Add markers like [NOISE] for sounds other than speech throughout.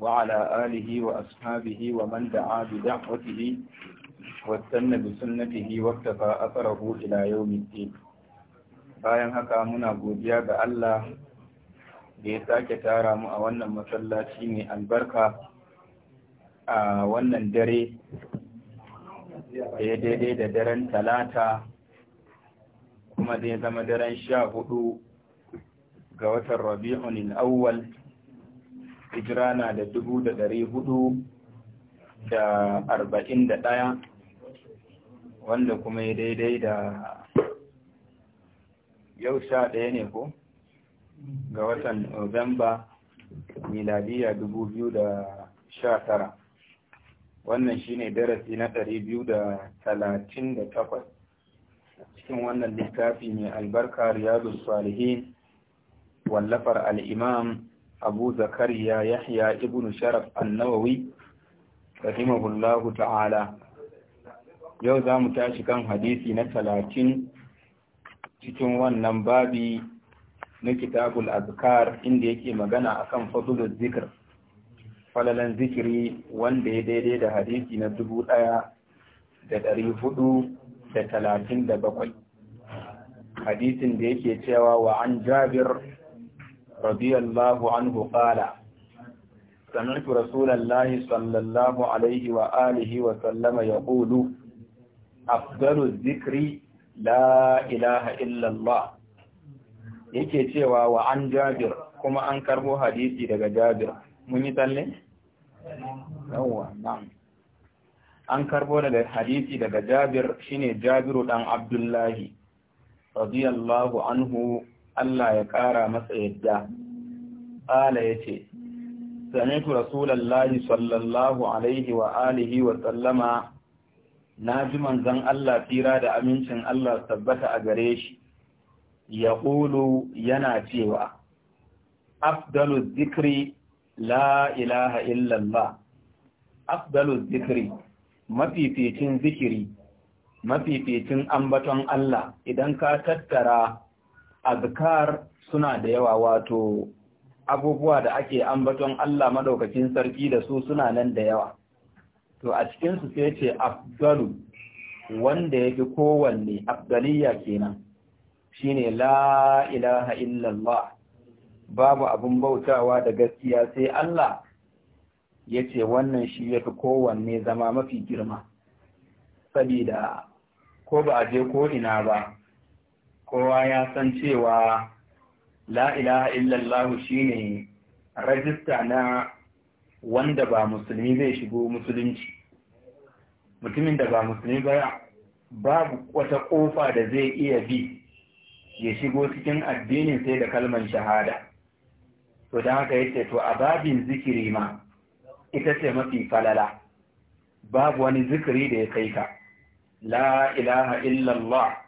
وعلى آله وأصحابه ومن دعا بدعوته واستنى بسنته واكتفى أثره إلى يوم الدين bayan haka muna godiya ga Allah da ya sake tara mu a wannan masallaci mai albarka a wannan dare da ya daidai da daren talata kuma da ya zama daren sha hudu ga watan rabi'un awwal hijira na da dubu da dari hudu da arba'in da ɗaya wanda kuma ya daidai da yau sha ɗaya ne ko ga watan Nuwamba miladiya dubu biyu da sha tara wannan shi ne darasi na ɗari biyu da talatin da takwas cikin wannan littafi mai albarka riyadu salihin wallafar al'imam abu ya yahya ibn sharaf annawawi rahimahullahu ta'ala yau za mu tashi kan hadisi na talatin cikin wannan babi na kitabul azkar inda yake magana akan fadlul zikr falalan zikiri wanda ya daidai da hadisi na dubu ɗaya da ɗari hudu da talatin da bakwai hadisin da yake cewa wa an jabir رضي الله عنه قال سمعت رسول الله صلى الله عليه وآله وسلم يقول أفضل الذكر لا إله إلا الله yake cewa wa an jabir kuma an karbo hadisi daga jabir mun yi tsalle? yawwa an karbo daga hadisi daga jabir shine jabiru dan abdullahi radiyallahu anhu Allah ya ƙara masa yadda ƙala ya ce sami'tu rasulallahi sallallahu alaihi wa alihi wa sallama na ji manzan Allah tira da amincin Allah tabbata a gare shi ya yana cewa afdalu zikri la ilaha illallah afdalu zikri mafificin zikiri mafificin ambaton Allah idan ka tattara azkar suna da yawa wato abubuwa da ake ambaton Allah madaukakin sarki da su suna nan da yawa to a cikin su sai ce afdalu wanda yake kowanne afdaliya kenan shine la ilaha illallah babu abun bautawa da gaskiya sai Allah yace wannan shi yafi kowanne zama mafi girma sabida ko ba a je ko ina ba kowa ya san cewa la’ila illallahu shi ne, rajista na wanda ba musulmi zai shigo musulunci mutumin da ba musulmi ba babu wata ƙofa da zai iya bi ya shigo cikin addinin sai da kalmar shahada to don haka yace to a babin zikiri ma ita ce mafi falala babu wani zikiri da ya kai ka la ilaha illallah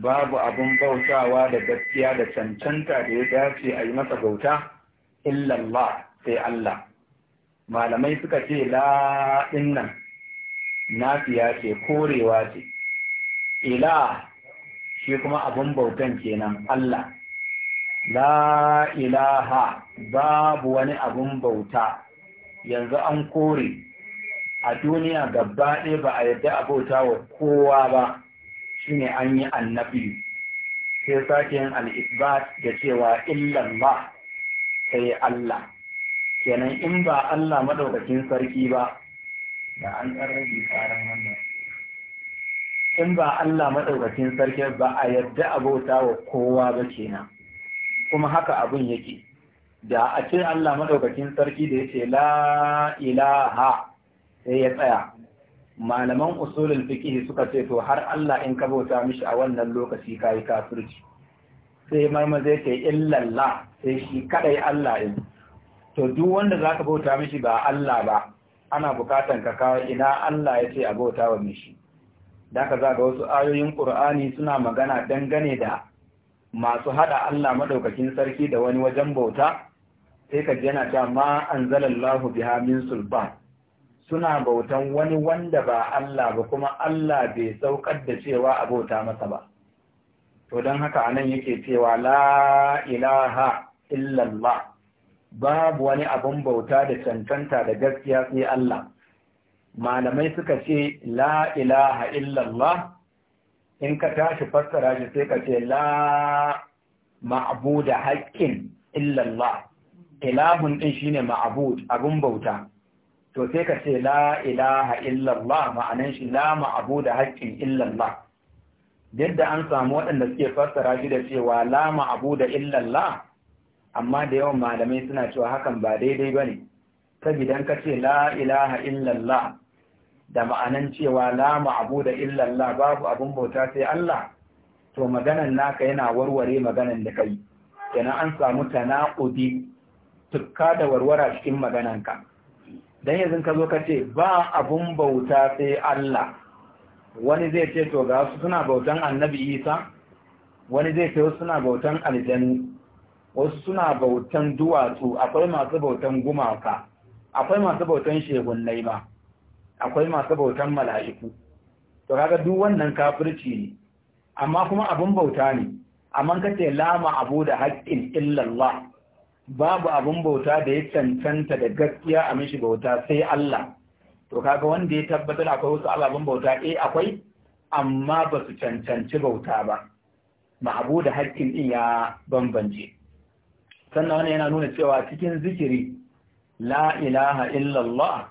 babu abun bautawa da gaskiya da cancanta da ya dace a yi masa bauta illallah sai Allah malamai suka ce la nan nafiya ce korewa ce ila shi kuma abun bautan kenan Allah la ilaha babu wani abin bauta yanzu an kore a duniya gaba ɗaya ba a yadda abota wa kowa ba shine an yi annabi sai sake yin al'isbat da cewa illan ba sai Allah kenan in ba Allah maɗaukakin sarki ba da an ƙarfi tsarin wannan in ba Allah maɗaukakin sarki ba a yadda abota wa kowa ba kenan kuma haka abin yake da a ce Allah maɗaukakin sarki da ya ce la ilaha sai ya tsaya malaman usulul fikihi suka ce to har Allah in ka bauta mishi a wannan lokaci kai kafirci sai marmaze zai ce illallah sai shi kadai Allah din to duk wanda zaka bauta mishi ba Allah ba ana bukatan ka kawo ina Allah ya ce a bauta wa mishi da ka zaga wasu ayoyin Qur'ani suna magana dangane da masu hada Allah madaukakin sarki da wani wajen bauta sai ka ji yana ta ma anzalallahu biha min sulban suna bautan wani wanda ba Allah ba kuma Allah bai saukar da cewa a bauta masa ba to don haka anan yake cewa la ilaha illallah babu wani abun bauta da cancanta da gaskiya sai Allah malamai suka ce la ilaha illallah in ka tashi fassara shi sai ka ce la ma'buda haƙƙin illallah ilahun din shine ma'bud abin bauta to sai ka ce la ilaha illallah ma'anan shi la ma'abu da haƙƙin illallah duk da an samu waɗanda suke fassara shi da cewa la ma'abu da illallah amma da yawan malamai suna cewa hakan ba daidai ba ne gidan ka ce la ilaha illallah da ma'anan cewa la ma'abu da illallah babu abin bauta sai Allah to maganan naka yana warware maganan da kai kenan an samu tanaqudi tukka da warwara cikin magananka don yanzu ka zo ka ce ba abun bauta sai Allah wani zai ce to ga su suna bautan annabi isa wani zai ce wasu suna bautan aljanu wasu suna bautan duwatsu akwai masu bautan gumaka akwai masu bautan shegunnai ma akwai masu bautan mala'iku to kaga duk wannan kafirci ne amma kuma abun bauta ne amma kace lama abu da haƙƙin illallah babu abin bauta da ya cancanta da gaskiya a mishi bauta sai Allah to kaga wanda ya tabbatar akwai wasu ababen bauta eh akwai amma ba su cancanci bauta ba ma'abu da hakkin din ya bambance sannan wannan yana nuna cewa cikin zikiri la ilaha illallah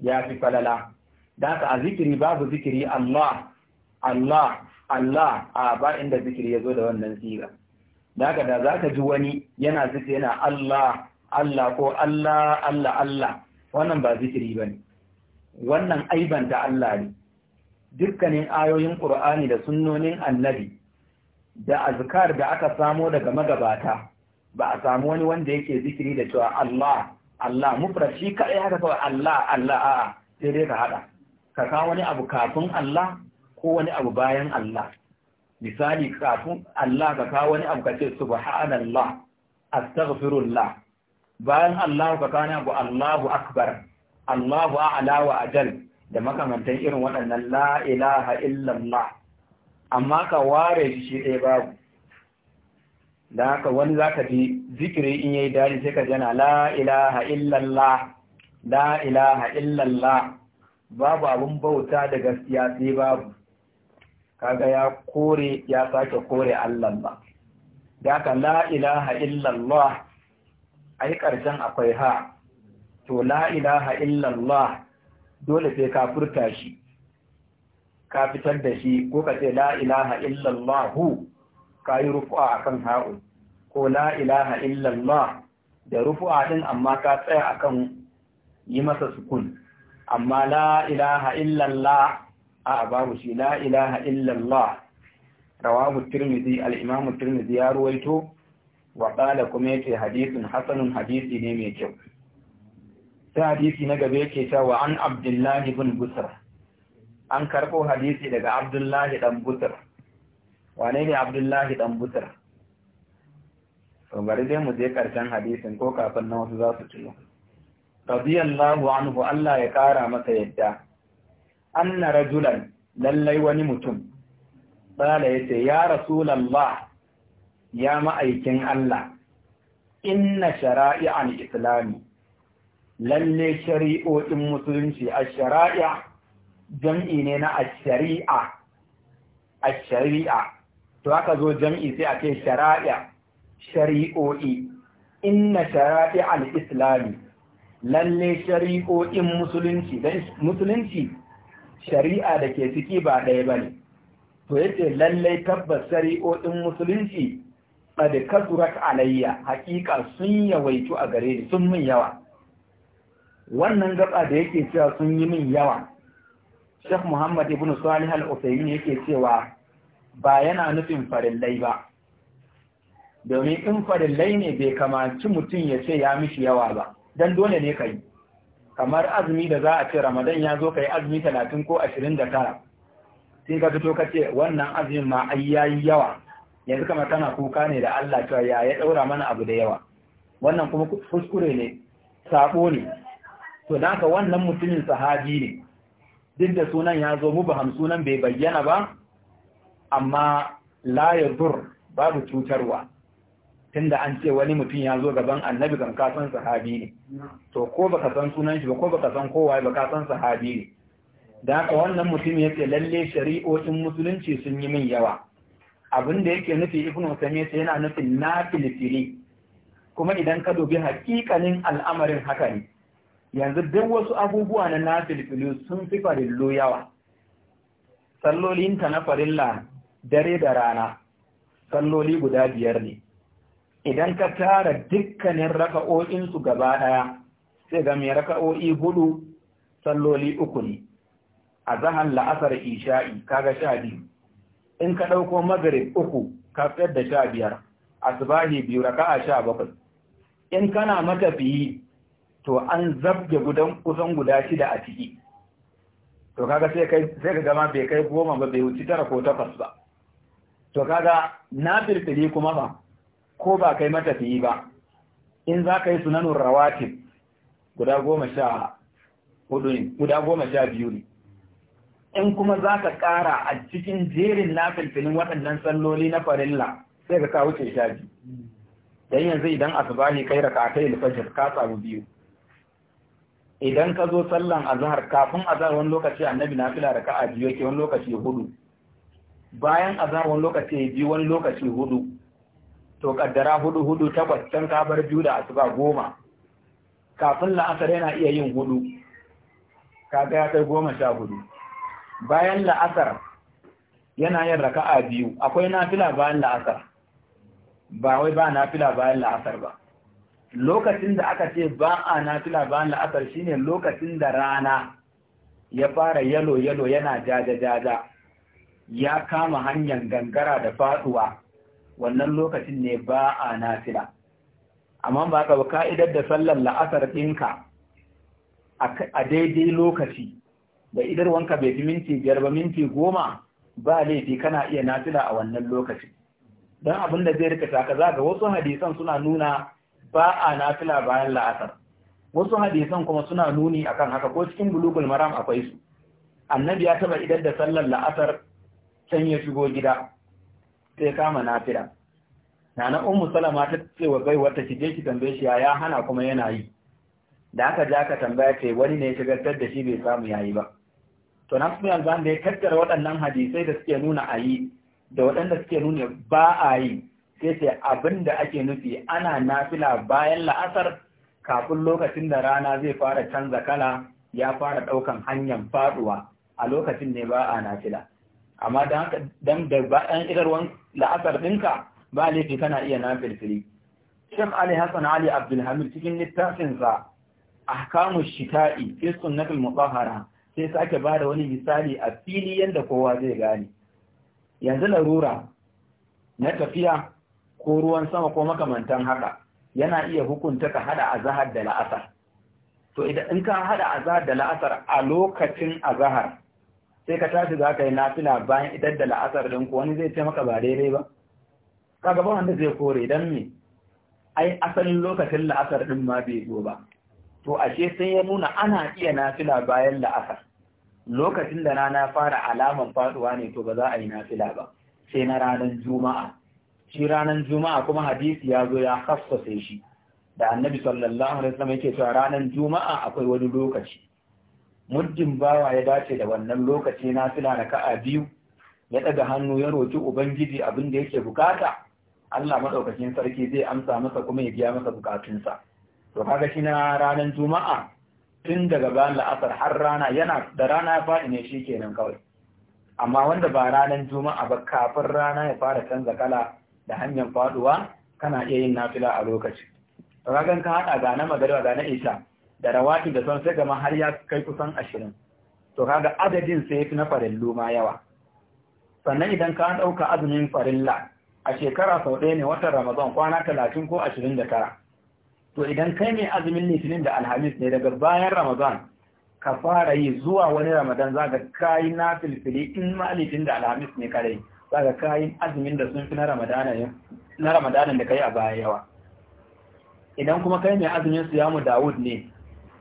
ya fi falala da haka a zikiri babu zikiri Allah Allah Allah a ba inda zikiri ya zo da wannan siga da haka da za ka ji wani yana zikiri yana Allah Allah ko Allah Allah Allah wannan ba zikiri ba ne wannan aibanta Allah ne dukkanin ayoyin ƙur'ani da sunnonin annabi da azkar da aka samo daga magabata ba a samu wani wanda yake zikiri da cewa Allah Allah mufrad shi kaɗai haka kawai Allah Allah a'a sai dai ka haɗa ka kawo wani abu kafin Allah ko wani abu bayan Allah misali kafin Allah ka kawo wani abu ka ce subhanallah astaghfirullah bayan Allah ka kawo wani abu Allahu akbar Allahu a'la wa ajal da makamantan irin waɗannan la ilaha illallah amma ka ware shi ɗaya babu da haka wani za ka ji zikiri in yayi dadi sai ka jana la ilaha illallah la ilaha illallah babu abun bauta da gaskiya sai babu kaga ya kore ya sake kore Allah ba daga la ilaha illallah ai karshen akwai ha to la ilaha illallah dole sai ka furta shi ka fitar da shi ko ka ce la ilaha illallah ka yi rufu'a akan ha'u ko la ilaha illallah da rufu'a din amma ka tsaya akan yi masa sukun amma la ilaha illallah a babu shi la ilaha illallah rawahu tirmidhi al-imam tirmidhi ya ruwaito wa qala kuma yace hadithun hasanun hadisi ne mai kyau ta hadisi na gaba yake cewa an abdullahi bin busr an karbo hadisi daga abdullahi dan busr wane ne abdullahi dan busr to bari dai mu je karshen hadisin ko kafin na wasu za su tuno radiyallahu anhu Allah ya kara masa yadda anna rajulan lallai wani mutum sala ya ce ya rasulallah ya ma'aikin Allah inna shara'i'an islami lalle shari'o'in musulunci a shari'a jam'i ne na a shari'a a shari'a to aka zo jam'i sai ake shari'a, shari'o'i inna shari'a al islami lalle shari'o'in musulunci don musulunci shari'a da ke ciki ba ɗaya ba ne to yace lallai tabbas shari'o'in musulunci qad kasurat alayya Hakika sun yawaitu a gare ni sun min yawa wannan gaba da yake cewa sun yi min yawa Sheikh Muhammad ibn Salih al yake cewa ba yana nufin farillai ba domin in farillai ne bai kamaci mutum ya ce ya mishi yawa ba dan dole ne ka yi. kamar azumi da za a ce ramadan ya zo ka yi azumi talatin ko ashirin da tara sai ka fito ka ce wannan azumin ma ai yayi yawa yanzu kamar kana kuka ne da Allah cewa ya ya daura mana abu da yawa wannan kuma kuskure ne sabo ne to dan ka wannan mutumin sahabi ne duk da sunan ya zo mu ba sunan bai bayyana ba amma la yadur babu cutarwa tunda an ce wani mutum ya zo gaban annabi kan ka san sahabi ne to ko baka san sunan shi ba ko baka san kowa ba ka san sahabi ne da haka wannan mutum ya ce lalle shari'o'in musulunci sun yi min yawa abin da yake nufi ibnu sami sai yana nufin na fili-fili. kuma idan ka dubi hakikanin al'amarin haka ne yanzu duk wasu abubuwa na na fili-fili sun fi farillo yawa sallolinta na farilla dare da rana salloli guda biyar ne idan ka tara dukkanin raka'o'insu gaba ɗaya sai ga mai raka'o'i hudu salloli uku ne a zahan la'asar isha'i kaga sha biyu in ka ɗauko magarib uku ka fiyar da sha biyar A asbahi biyu raka'a sha bakwai in kana matafiyi to an zabge gudan kusan guda shida a ciki to kaga sai kai sai ka gama bai kai goma ba bai wuci tara ko takwas ba to kaga na firfiri kuma fa ko ba kai matafiyi ba in za ka yi sunanun rawatin guda goma sha hudu ne guda goma sha biyu ne in kuma za ka ƙara a cikin jerin na filfilin waɗannan salloli na farilla sai ka kawo ce sha biyu don yanzu idan asubahi kai raka kai alfajir ka samu biyu idan ka zo sallan azhar kafin azhar wani lokaci annabi na fila raka a biyu ke wani lokaci hudu bayan azhar wani lokaci biyu wani lokaci hudu to kaddara hudu hudu takwas can ka bar biyu da asuba goma kafin la'asar yana iya yin hudu ga ya kai goma sha hudu bayan la'asar yana yin raka'a biyu akwai nafila bayan la'asar ba wai ba nafila bayan la'asar ba lokacin da aka ce ba a nafila bayan la'asar shine lokacin da rana ya fara yalo yalo yana jaja jaja ya kama hanyar gangara da faduwa wannan lokacin ne ba a nafila amma ba ka ba ka'idar da sallar la'asar ɗinka a daidai lokaci da idar wanka bai fi minti biyar ba minti goma ba laifi kana iya nafila a wannan lokacin don abin da zai rika taka za ga wasu hadisan suna nuna ba a nafila bayan la'asar wasu hadisan kuma suna nuni akan haka ko cikin bulugul maram akwai su annabi ya taba idar da sallar la'asar can ya shigo gida sai kama nafila nana umu salama ta ce wa bai wata ki je ki tambaye shi ya hana kuma yana yi da aka ja ka tambaya ce wani ne ya shigartar da shi bai samu yayi ba to na kuma yanzu da ya tattara waɗannan hadisai da suke nuna a yi da waɗanda suke nuna ba a yi sai ce abin da ake nufi ana nafila bayan la'asar kafin lokacin da rana zai fara canza kala ya fara ɗaukan hanyar faɗuwa a lokacin ne ba a nafila amma don da bayan idarwan la'asar ɗinka ba laifi kana iya na firfiri Sheikh Ali Hassan Ali Abdulhamid cikin littafinsa Ahkamu Shita'i fi Sunnatul Mutahhara sai sake ba da wani misali a fili yanda kowa zai gane. Yanzu larura na tafiya ko ruwan sama ko makamantan haka yana iya hukunta ka hada azahar da la'asar. To idan in ka hada azahar da la'asar a lokacin azahar sai ka tashi za ka yi nafila bayan idan da la'asar din ko wani zai ce maka ba daidai ba Ka gaba wanda zai kore dan me ai asalin lokacin la'asar din ma bai zo ba to ashe sai ya nuna ana iya nafila bayan la'asar lokacin da rana fara alaman faduwa ne to ba za a yi nafila ba sai na ranar juma'a shi ranar juma'a kuma hadisi ya zo ya sai shi da annabi sallallahu alaihi wasallam yake cewa ranar juma'a akwai wani lokaci muddin bawa ya dace da wannan lokaci na suna da ka'a biyu ya daga hannu ya roki ubangiji abin da yake bukata Allah madaukakin sarki zai amsa masa kuma ya biya masa bukatunsa to kaga shi na ranar juma'a tun daga bayan la'asar har rana yana da rana ya faɗi ne shi kenan kawai amma wanda ba ranar juma'a ba kafin rana ya fara canza kala da hanyar faduwa kana iya yin nafila a lokaci ragan ka haɗa ga na magariba ga na isha da rawati da son sai gama har ya kai kusan ashirin to kaga adadin sai ya fi na farillu ma yawa sannan idan ka ɗauka azumin farilla a shekara sau ɗaya ne watan ramadan kwana talatin ko ashirin da tara to idan kai ne azumin litinin da alhamis ne daga bayan ramadan ka fara yi zuwa wani ramadan za ka kayi na filfili in ma litinin da alhamis ne kadai za ka kayi azumin da sun fi na ramadanan da kai a baya yawa idan kuma kai mai azumin siyamu dawud ne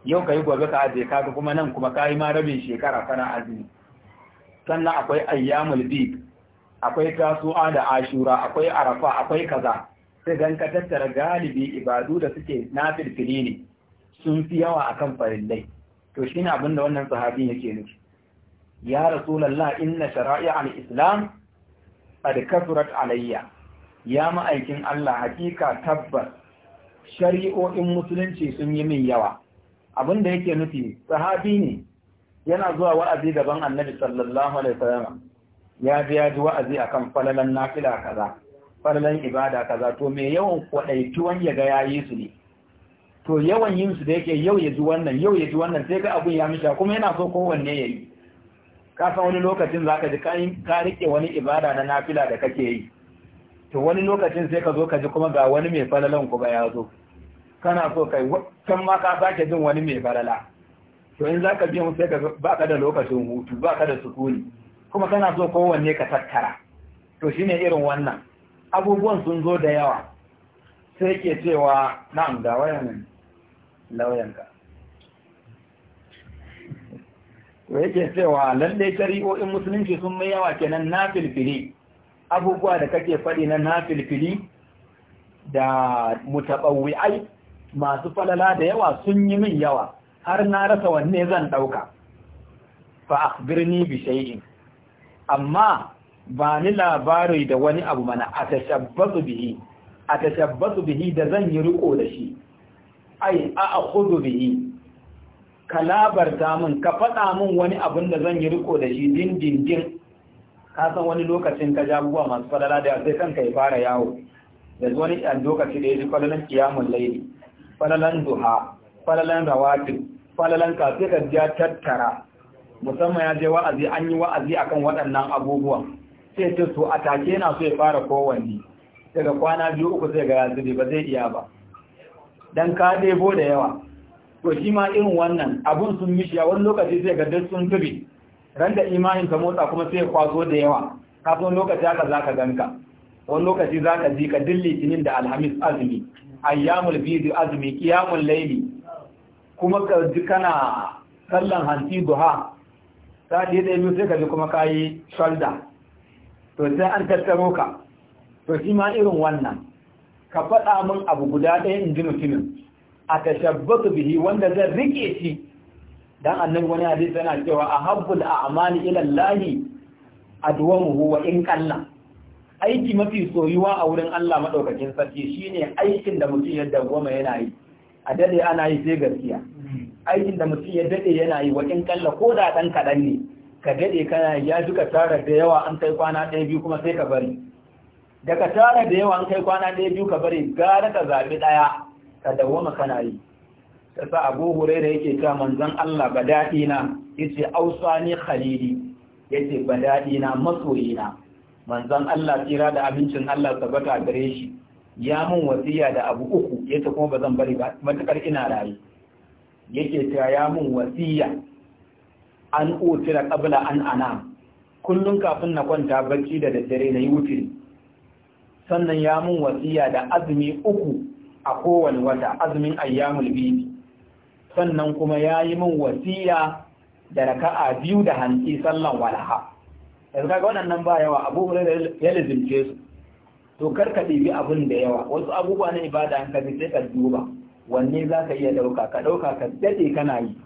yau ka yi gobe ka ajiye kaga kuma nan kuma ka yi marabin shekara kana azumi sannan akwai ayyamul bid akwai tasu'a da ashura akwai arafa akwai kaza sai gan ka tattara galibi ibadu da suke na firfiri ne sun fi yawa akan farillai to shine abin da wannan sahabi yake nufi ya rasulullah inna shara'i'a al-islam qad kasurat alayya ya ma'aikin Allah hakika tabbas shari'o'in musulunci sun yi min yawa abin da yake nufi sahabi ne yana zuwa wa'azi gaban annabi sallallahu alaihi wasallam ya ji ya ji wa'azi akan falalan nafila kaza falalan ibada kaza to me yawan kwadaituwan ya ga yayi su ne to yawan yin su da yake yau ya ji wannan yau ya ji wannan sai ga abun ya misha kuma yana so kowanne ya yi. ka san wani lokacin zaka ji ka rike wani ibada na nafila da kake yi to wani lokacin sai ka zo ka ji kuma ga wani mai falalan ku ga ya zo kana so kai kan ma ka sake jin wani mai barala to in zaka biya musu ka ka da lokacin hutu ba ka da sukuni kuma kana so kowanne ka tattara to shine irin wannan abubuwan sun zo da yawa sai ke cewa na'am ga wayan lauyanka to yake cewa lalle shari'o'in musulunci sun mai yawa kenan na filfili abubuwa da kake faɗi na na filfili da ai. masu falala da yawa sun yi min yawa har na rasa wanne zan ɗauka fa a birni bishayi amma ba ni labari da wani abu mana a tashabbatu bihi a tashabbatu bihi da zan yi riko da shi ai a akhudhu bihi ka labarta min ka faɗa min wani abin da zan yi riko da shi dindindin ka san wani lokacin ka ja abubuwa masu falala da sai kanka ya fara yawo da wani lokaci da ya ji falalan kiyamun laili falalan duha falalan rawatib falalan kafira ya tattara musamman ya je wa'azi an yi wa'azi akan waɗannan abubuwan sai ta so a take na so ya fara kowanne daga kwana biyu uku sai ga yanzu ba zai iya ba dan ka debo da yawa to shi ma irin wannan abun sun mishi a wani lokaci sai ga duk sun ran imanin ka motsa kuma sai ya kwazo da yawa kafin lokaci haka zaka ganka wani lokaci zaka ji ka dilli litinin da alhamis azumi ayyamul biyu azumi qiyamul layli kuma ka ji kana sallan hanti duha ta da yadda sai ka ji kuma kayi shalda to sai an tattaro ka to shi ma irin wannan ka faɗa min abu guda ɗaya in ji mutumin a tashabbatu bihi wanda zan rike shi dan annabi wani hadisi yana cewa ahabbul a'mali ila Allah adwamuhu wa in qalla aiki mafi soyuwa a wurin Allah maɗaukacin sarki shine aikin da mutum ya dawwama yana yi a dade ana yi sai gaskiya aikin da mutum ya daɗe yana yi wajen kalla ko da ɗan kaɗan ne ka dade kana ya ji ka tara da yawa an kai kwana ɗaya biyu kuma sai ka bari da ka tara da yawa an kai kwana ɗaya biyu ka bari gara ka zaɓi ɗaya ka ka kana yi ta sa abu huraira yake ta manzon Allah ba daɗi na ausa ausani khalili yace ba daɗi na masoyina manzon Allah tsira da abincin Allah tabbata gare shi ya mun wasiya da abu uku yace kuma ba zan bari ba matakar ina rayu yake ta ya mun wasiya an utira qabla an ana kullum kafin na kwanta bacci da daddare na yi sannan ya mun wasiya da azumi uku a kowane wata azumin ayyamul bibi sannan kuma ya yi mun wasiya da raka'a biyu da hantsi sallan walaha yanzu kaga waɗannan ba yawa abu da ya lizince su to kar ka ɗibi abin da yawa wasu abubuwa na ibada an kaji sai ka duba wanne za ka iya ɗauka ka ɗauka ka daɗe kana yi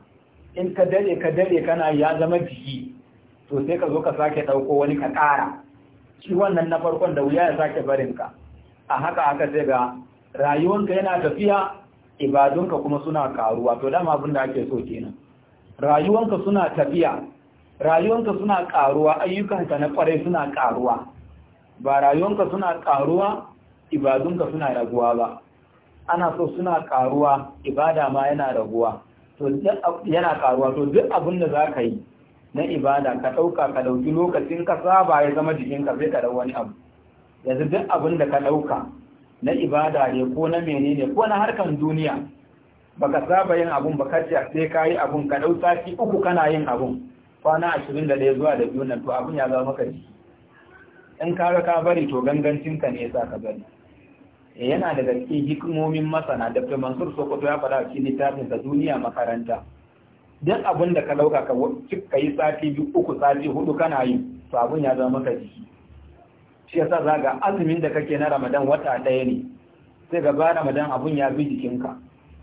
in ka daɗe ka dade kana yi ya zama jiki to sai ka zo ka sake ɗauko wani ka ƙara shi wannan na farkon da wuya ya sake barin ka a haka haka sai ga rayuwanka yana tafiya ibadunka kuma suna karuwa to dama abin da ake so kenan rayuwanka suna tafiya rayuwanka suna karuwa ayyukanka na kwarai suna karuwa ba rayuwanka suna karuwa ibadunka suna raguwa ba ana so suna karuwa ibada ma yana raguwa yana karuwa to duk abin da za ka yi na ibada ka ɗauka ka ɗauki lokacin ka saba ya zama jikinka sai ka wani abu yanzu duk abin da ka ɗauka na ibada ne ko na menene ko na harkan duniya baka saba yin abun ba ka sai ka yi abun ka ɗau sati uku kana yin abun kwana ashirin da ɗaya zuwa da biyu nan to abin ya zama maka jiki in ka ka bari to gangancinka ne yasa ka bari eh, yana da gaske hikimomin masana da fi mansur sokoto ya faɗa a cikin littafinsa duniya makaranta duk abin da ka ɗauka ka yi sati biyu uku sati hudu kana yi to abin ya zama maka jiki shi yasa za ga azumin da kake na ramadan wata ɗaya ne sai gaba ramadan abin ya bi jikinka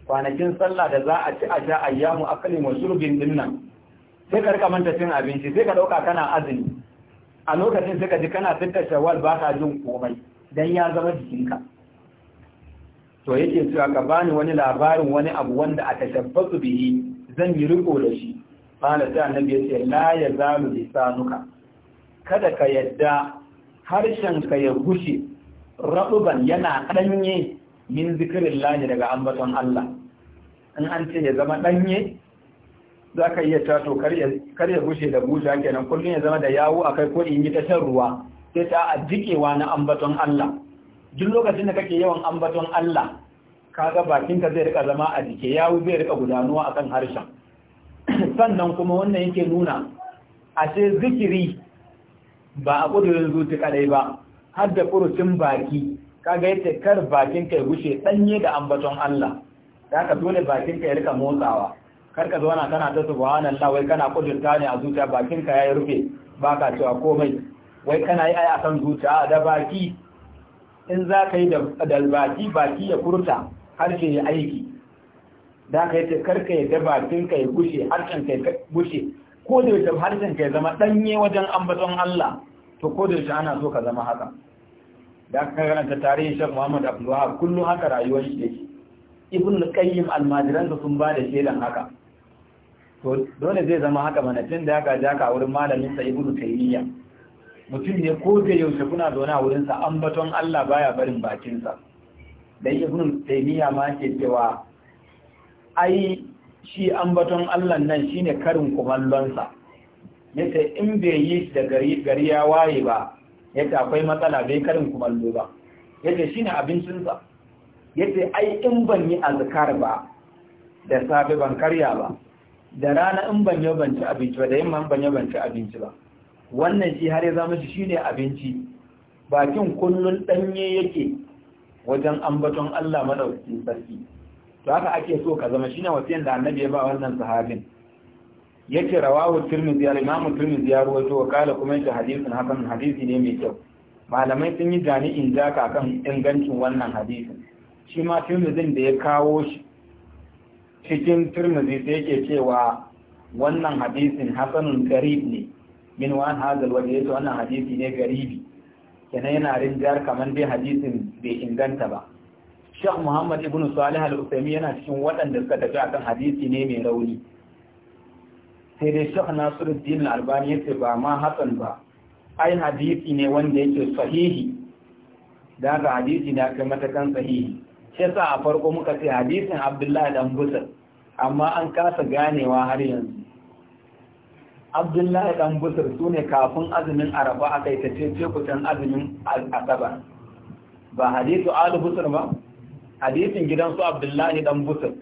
kwanakin sallah da za a ci a sha ayyamu akalin wa shurbin dinnan sai ka rika manta cin abinci sai ka dauka kana azumi a lokacin sai ka ji kana fitta shawal ba ka jin komai dan ya zama jikinka to yake cewa ka bani wani labarin wani abu wanda a tashabbatu bihi zan yi riko da shi qala sai annabi ce la yazalu lisanuka kada ka yadda harshen ka ya gushe raduban yana danye min zikirin daga ambaton Allah in an ce ya zama danye za ka iya tato kar ya gushe da buta kenan kullum ya zama da yawo a kai ko in yi ta shan ruwa sai ta a jikewa na ambaton Allah duk lokacin da kake yawan ambaton Allah kaga bakinka zai rika zama a jike yawo zai rika gudanuwa kan harshen [CLEARS THROAT] sannan kuma wannan yake nuna ashe zikiri ba a kudurin zuci kadai ba har da furucin baki kaga yadda kar bakinka ya gushe danye da ambaton Allah za ka dole ka ya rika motsawa kar ka zauna kana ta subhanallah wai kana kudurta ne a zuciya bakin ka yayi rufe baka cewa komai wai kana yi ai kan zuciya da baki in za ka yi da baki baki ya furta ke yi aiki da ka yi kar ka yadda bakin ka ya gushe harshen ka ya gushe ko da yaushe harshen ka ya zama danye wajen ambaton Allah to ko da yaushe ana so ka zama haka da ka karanta tarihin shan Muhammad Abdullahi, kullum kullu haka rayuwar shi yake Ibn Qayyim al-madrasa sun ba da shedan haka to dole zai zama haka mana tun da aka ja ka wurin malamin sa ibnu taymiya mutum ne ko da yaushe kuna zaune wurin sa ambaton Allah baya barin bakin sa dan ibnu taymiya ma ke cewa ai shi ambaton Allah nan shine karin kumallon sa yace in bai yi da gari gari ya waye ba yace akwai matsala bai karin kumallo ba yace shine abincin sa yace ai in ban yi azkar ba da safe ban karya ba da rana in ban yau ban ci abinci ba da yamma in ban yau ban ci abinci ba wannan shi har ya zama shi shine abinci bakin kullun danye yake wajen ambaton Allah madauki sarki to haka ake so ka zama shine wasiyan da annabi ya ba wannan sahabin yace rawahu tirmidhi al-imam tirmidhi ya rawaito wa kala kuma shi hadisin hakan hadisi ne mai kyau malamai sun yi jami'in jaka kan ingancin wannan hadisin shi ma tirmidhin da ya kawo shi cikin turmuzi sai ke cewa wannan hadisin hasanun garib ne min wani hazal waje yace wannan hadisi ne garibi kenan yana rinjar kamar dai hadisin bai inganta ba Sheikh Muhammad ibn Salih al usami yana cikin waɗanda suka tafi akan hadisi ne mai rauni sai dai Sheikh Nasiruddin al-Albani yace ba ma hasan ba ai hadisi ne wanda yake sahihi da ga hadisi da kai matakan sahihi shi sa a farko muka ce hadisin abdullahi dan busir amma an kasa ganewa har yanzu abdullahi dan busir su ne kafin azumin araba aka yi ta ce azumin asaba ba hadisu alu busir ba hadisin gidansu abdullahi dan busir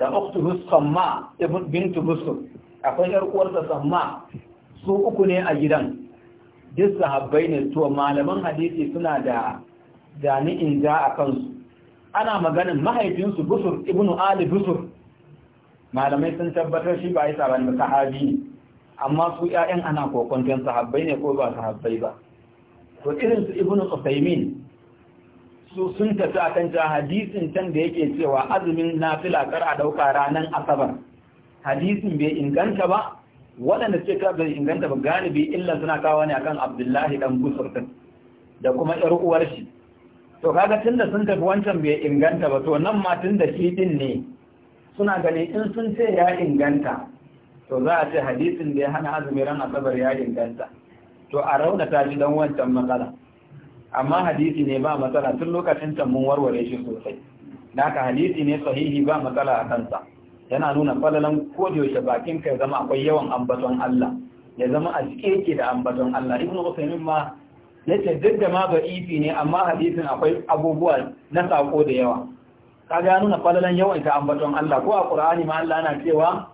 da uktu ma bintu busir akwai yarkuwarsa uwarsa samma su uku ne a gidan duk sahabbai ne to malaman hadisi suna da jami'in ja a kansu ana maganin mahaifinsu busur ibnu ali busur malamai sun tabbatar shi ba yi ba ne sahabi ne amma su ƴaƴan ana kokonton sahabbai ne ko ba sahabbai ba to irin su ibnu usaymin su sun tafi akan ta hadisin can da yake cewa azumin nafila kar a dauka ranan asabar hadisin bai inganta ba waɗanda ce ka bai inganta ba galibi illa suna kawo ne akan abdullahi dan busur da kuma ƴar uwar shi to kaga tunda sun tafi wancan bai inganta ba to nan ma tunda shi din ne suna gani in sun ce ya inganta to za a ce hadisin da ya hana azumi ran asabar ya inganta to a raunata shi don wancan matsala amma hadisi ne ba matsala tun lokacin can mun warware shi sosai da haka hadisi ne sahihi ba matsala a kansa yana nuna falalan da bakin ka ya zama akwai yawan ambaton Allah ya zama a cike da ambaton Allah ibnu Usaimin ma nace duk da ma ne amma hadisin akwai abubuwa na sako da yawa ka ga nuna falalan yawan ta ambaton Allah ko a Qur'ani ma Allah yana cewa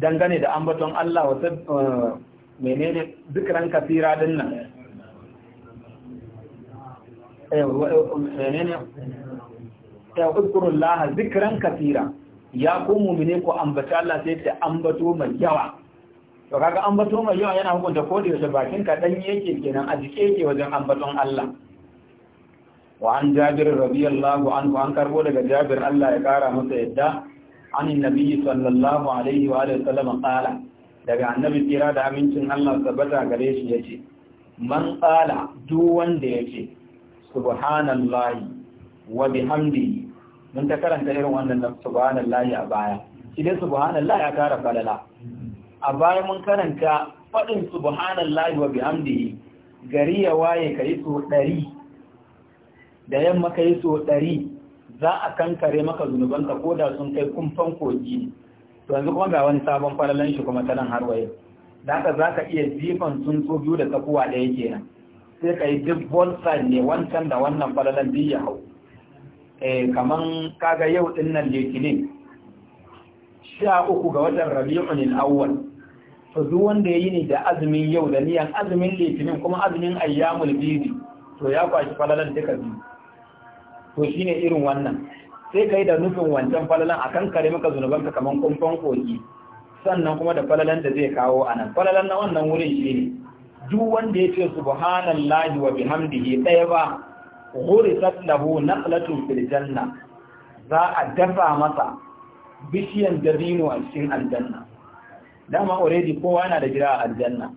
dangane da ambaton Allah wata eh, menene zikran kasira din nan eh menene ya Allah zikran kafira ya ku mu'mine ko ambata Allah sai ta ambato mai yawa to kaga ambato mai yawa yana hukunta ko da yaushe bakin ka dan yake kenan a jike yake wajen ambaton Allah wa an jabir radiyallahu anhu an karbo daga jabir Allah ya kara masa yadda an annabi sallallahu alaihi wa alihi wasallam qala daga annabi kira da amincin Allah tabbata gare shi yace man qala duk wanda yace subhanallahi wa bihamdihi mun ta karanta irin wannan subhanallahi a baya shi dai subhanallahi ya kara falala a baya mun karanta faɗin subhanallahi wa bihamdihi gari ya waye kai so ɗari da yamma kai so ɗari za a kankare maka zunubanka ko da sun kai kumfan kogi to yanzu kuma ga wani sabon falalan shi kuma tanan har waye da haka za ka iya jifan sun so biyu da tsakuwa yake nan. sai ka yi duk bolsa ne wancan da wannan falalan biyu ya hau eh kaman kaga yau dinnan nan litinin sha uku ga watan rabi'un awwal to duk wanda ya ne da azumin yau da niyan azumin litinin kuma azumin ayyamul bidi to ya kwashi falalan duka biyu to shine irin wannan sai kai da nufin wancan falalan akan kare maka zunubanka kaman kumfan koki sannan kuma da falalan da zai kawo anan falalan na wannan wurin shine duk wanda ya ce subhanallahi wa bihamdihi daya ba ghurisat lahu naqlatun fil janna za a dafa masa bishiyan dabino a cikin aljanna dama already kowa yana da jira a aljanna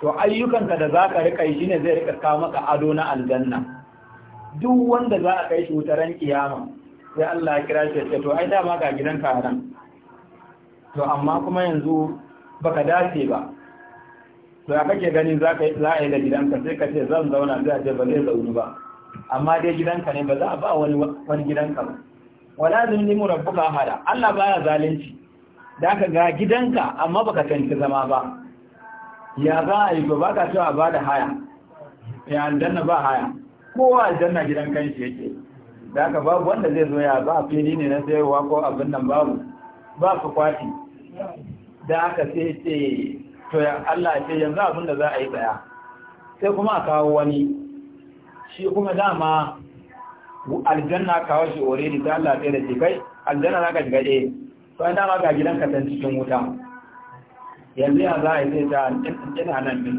to ayyukanka da za ka rika yi ne zai rika kawo maka ado na aljanna duk wanda za a kai shi wutaren kiyama sai Allah ya kira shi ya to ai dama ga gidan karan to amma kuma yanzu baka dace ba to ya kake gani za a yi da gidanka sai ka ce zan zauna zai ce ba zai zaunu ba amma dai gidanka ne ba za a ba wani gidanka ba wala zulmi rabbuka ahada Allah baya zalunci da ka ga gidanka amma baka tanki zama ba ya za a yi ba ka cewa ba da haya ya aljanna ba haya kowa aljanna gidan kanshi yake da ka babu wanda zai zo ya ba fili ne na sayarwa ko abin nan babu ba su kwati da ka sai ce to ya Allah ce yanzu abin da za a yi tsaya sai kuma a kawo wani shi kuma dama aljanna kawo shi already ta Allah sai da shi kai aljanna za ka shiga eh to an dama ga gidan ka cikin wuta yanzu ya za a yi sai ta ina nan din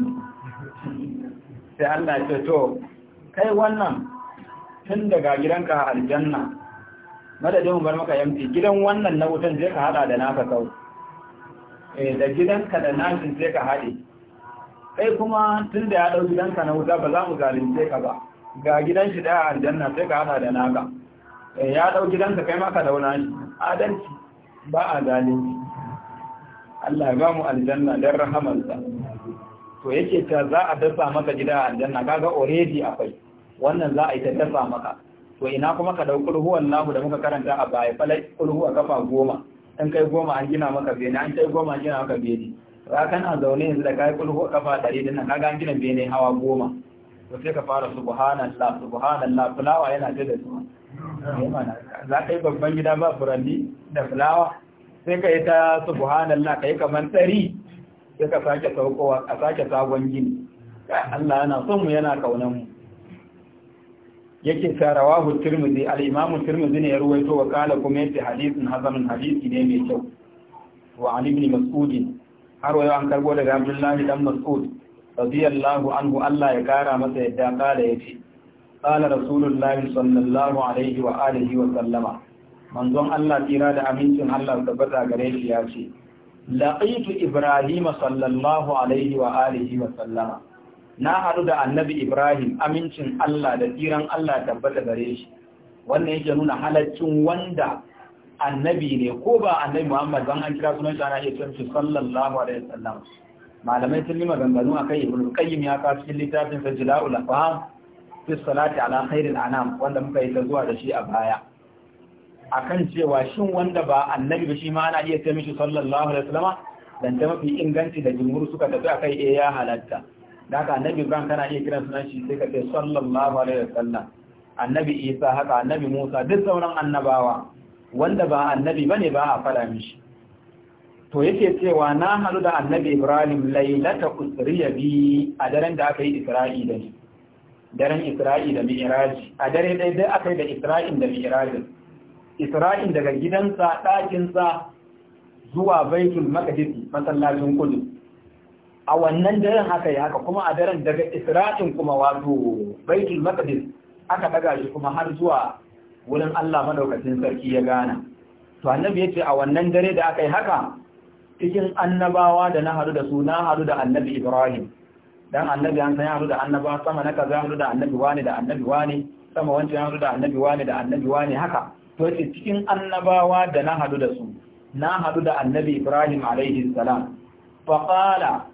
sai Allah ya ce to kai wannan tun daga gidanka aljanna madadin mu bar maka yamci gidan wannan na wutan zai ka hada da naka kawai eh da gidanka da nashi zai ka hade kai kuma tun da ya dau ka na wuta ba za mu zalunce ka ba ga gidan shi daya aljanna sai ka hada da naka eh, ya dau gidanka kai maka dauna shi adalci ba a zalunci Allah ba mu aljanna dan rahamarsa to yake ta za a dasa maka gida a aljanna kaga already akwai wannan za a yi ta dasa maka to ina kuma ka dau kulhuwan lahu da muka karanta a baya falai a kafa goma in kai goma an gina maka bene an kai goma an gina maka bene ra kana zaune yanzu da kai a kafa 100 din nan kaga an gina bene hawa goma to sai ka fara subhanallah subhanallah fulawa yana da su eh za ka yi babban gida ba furanni da fulawa sai ka yi ta subhanallah ka yi kamar tsari sai ka sake saukowa a sake sabon gini Allah yana son mu yana kaunan mu yake sarawa hu tirmidhi al ne ya ruwaito wa kala kuma yake hadithun hadisi ne mai kyau wa ali har wayo an karbo daga abdullahi dan mas'ud radiyallahu anhu Allah ya kara masa yadda kala yace qala rasulullahi sallallahu alaihi wa alihi wa sallama manzon Allah tira da amincin Allah tabbata gare shi ya ce laqitu ibrahim sallallahu alaihi wa alihi wa sallama na haɗu da annabi ibrahim amincin Allah da tiran Allah tabbata gare shi wannan yake nuna halaccin wanda annabi ne ko ba annabi Muhammad zan an kira sunan shi ana iya cewa sallallahu alaihi wa wasallam malamai sun yi maganganu a kai ibn qayyim ya kawo cikin littafin sa jila'ul afham fi salati ala khairil anam wanda muka yi ta zuwa da shi a baya akan cewa shin wanda ba annabi ba shi ma ana iya ce mishi sallallahu alaihi wasallam dan ta mafi inganci da jumhur suka tafi akai eh ya halatta da haka annabi Ibrahim kana iya kiran sunan shi sai ka ce sallallahu alaihi wasallam annabi Isa haka annabi Musa duk sauran annabawa wanda ba annabi bane ba a fara mishi to yake cewa na halu da annabi ibrahim lailata usriya bi a daren da aka yi isra'i da ni daren isra'i da mi'raji a dare dai dai aka yi da isra'in da mi'rajin isra'in daga gidansa ɗakinsa zuwa baitul maqdis masallacin kudu a wannan daren haka ya haka kuma a daren daga isra'in kuma wato baitul maqdis aka daga shi kuma har zuwa wurin Allah madaukakin sarki ya gana to annabi yace a wannan dare da aka yi haka cikin annabawa da na hadu da su na hadu da annabi Ibrahim dan annabi an san ya hadu da annaba sama na kaza haɗu da annabi wani da annabi wani sama wancan ya hadu da annabi wani da annabi wani haka to ce cikin annabawa da na hadu da su na hadu da annabi Ibrahim alaihi salam fa qala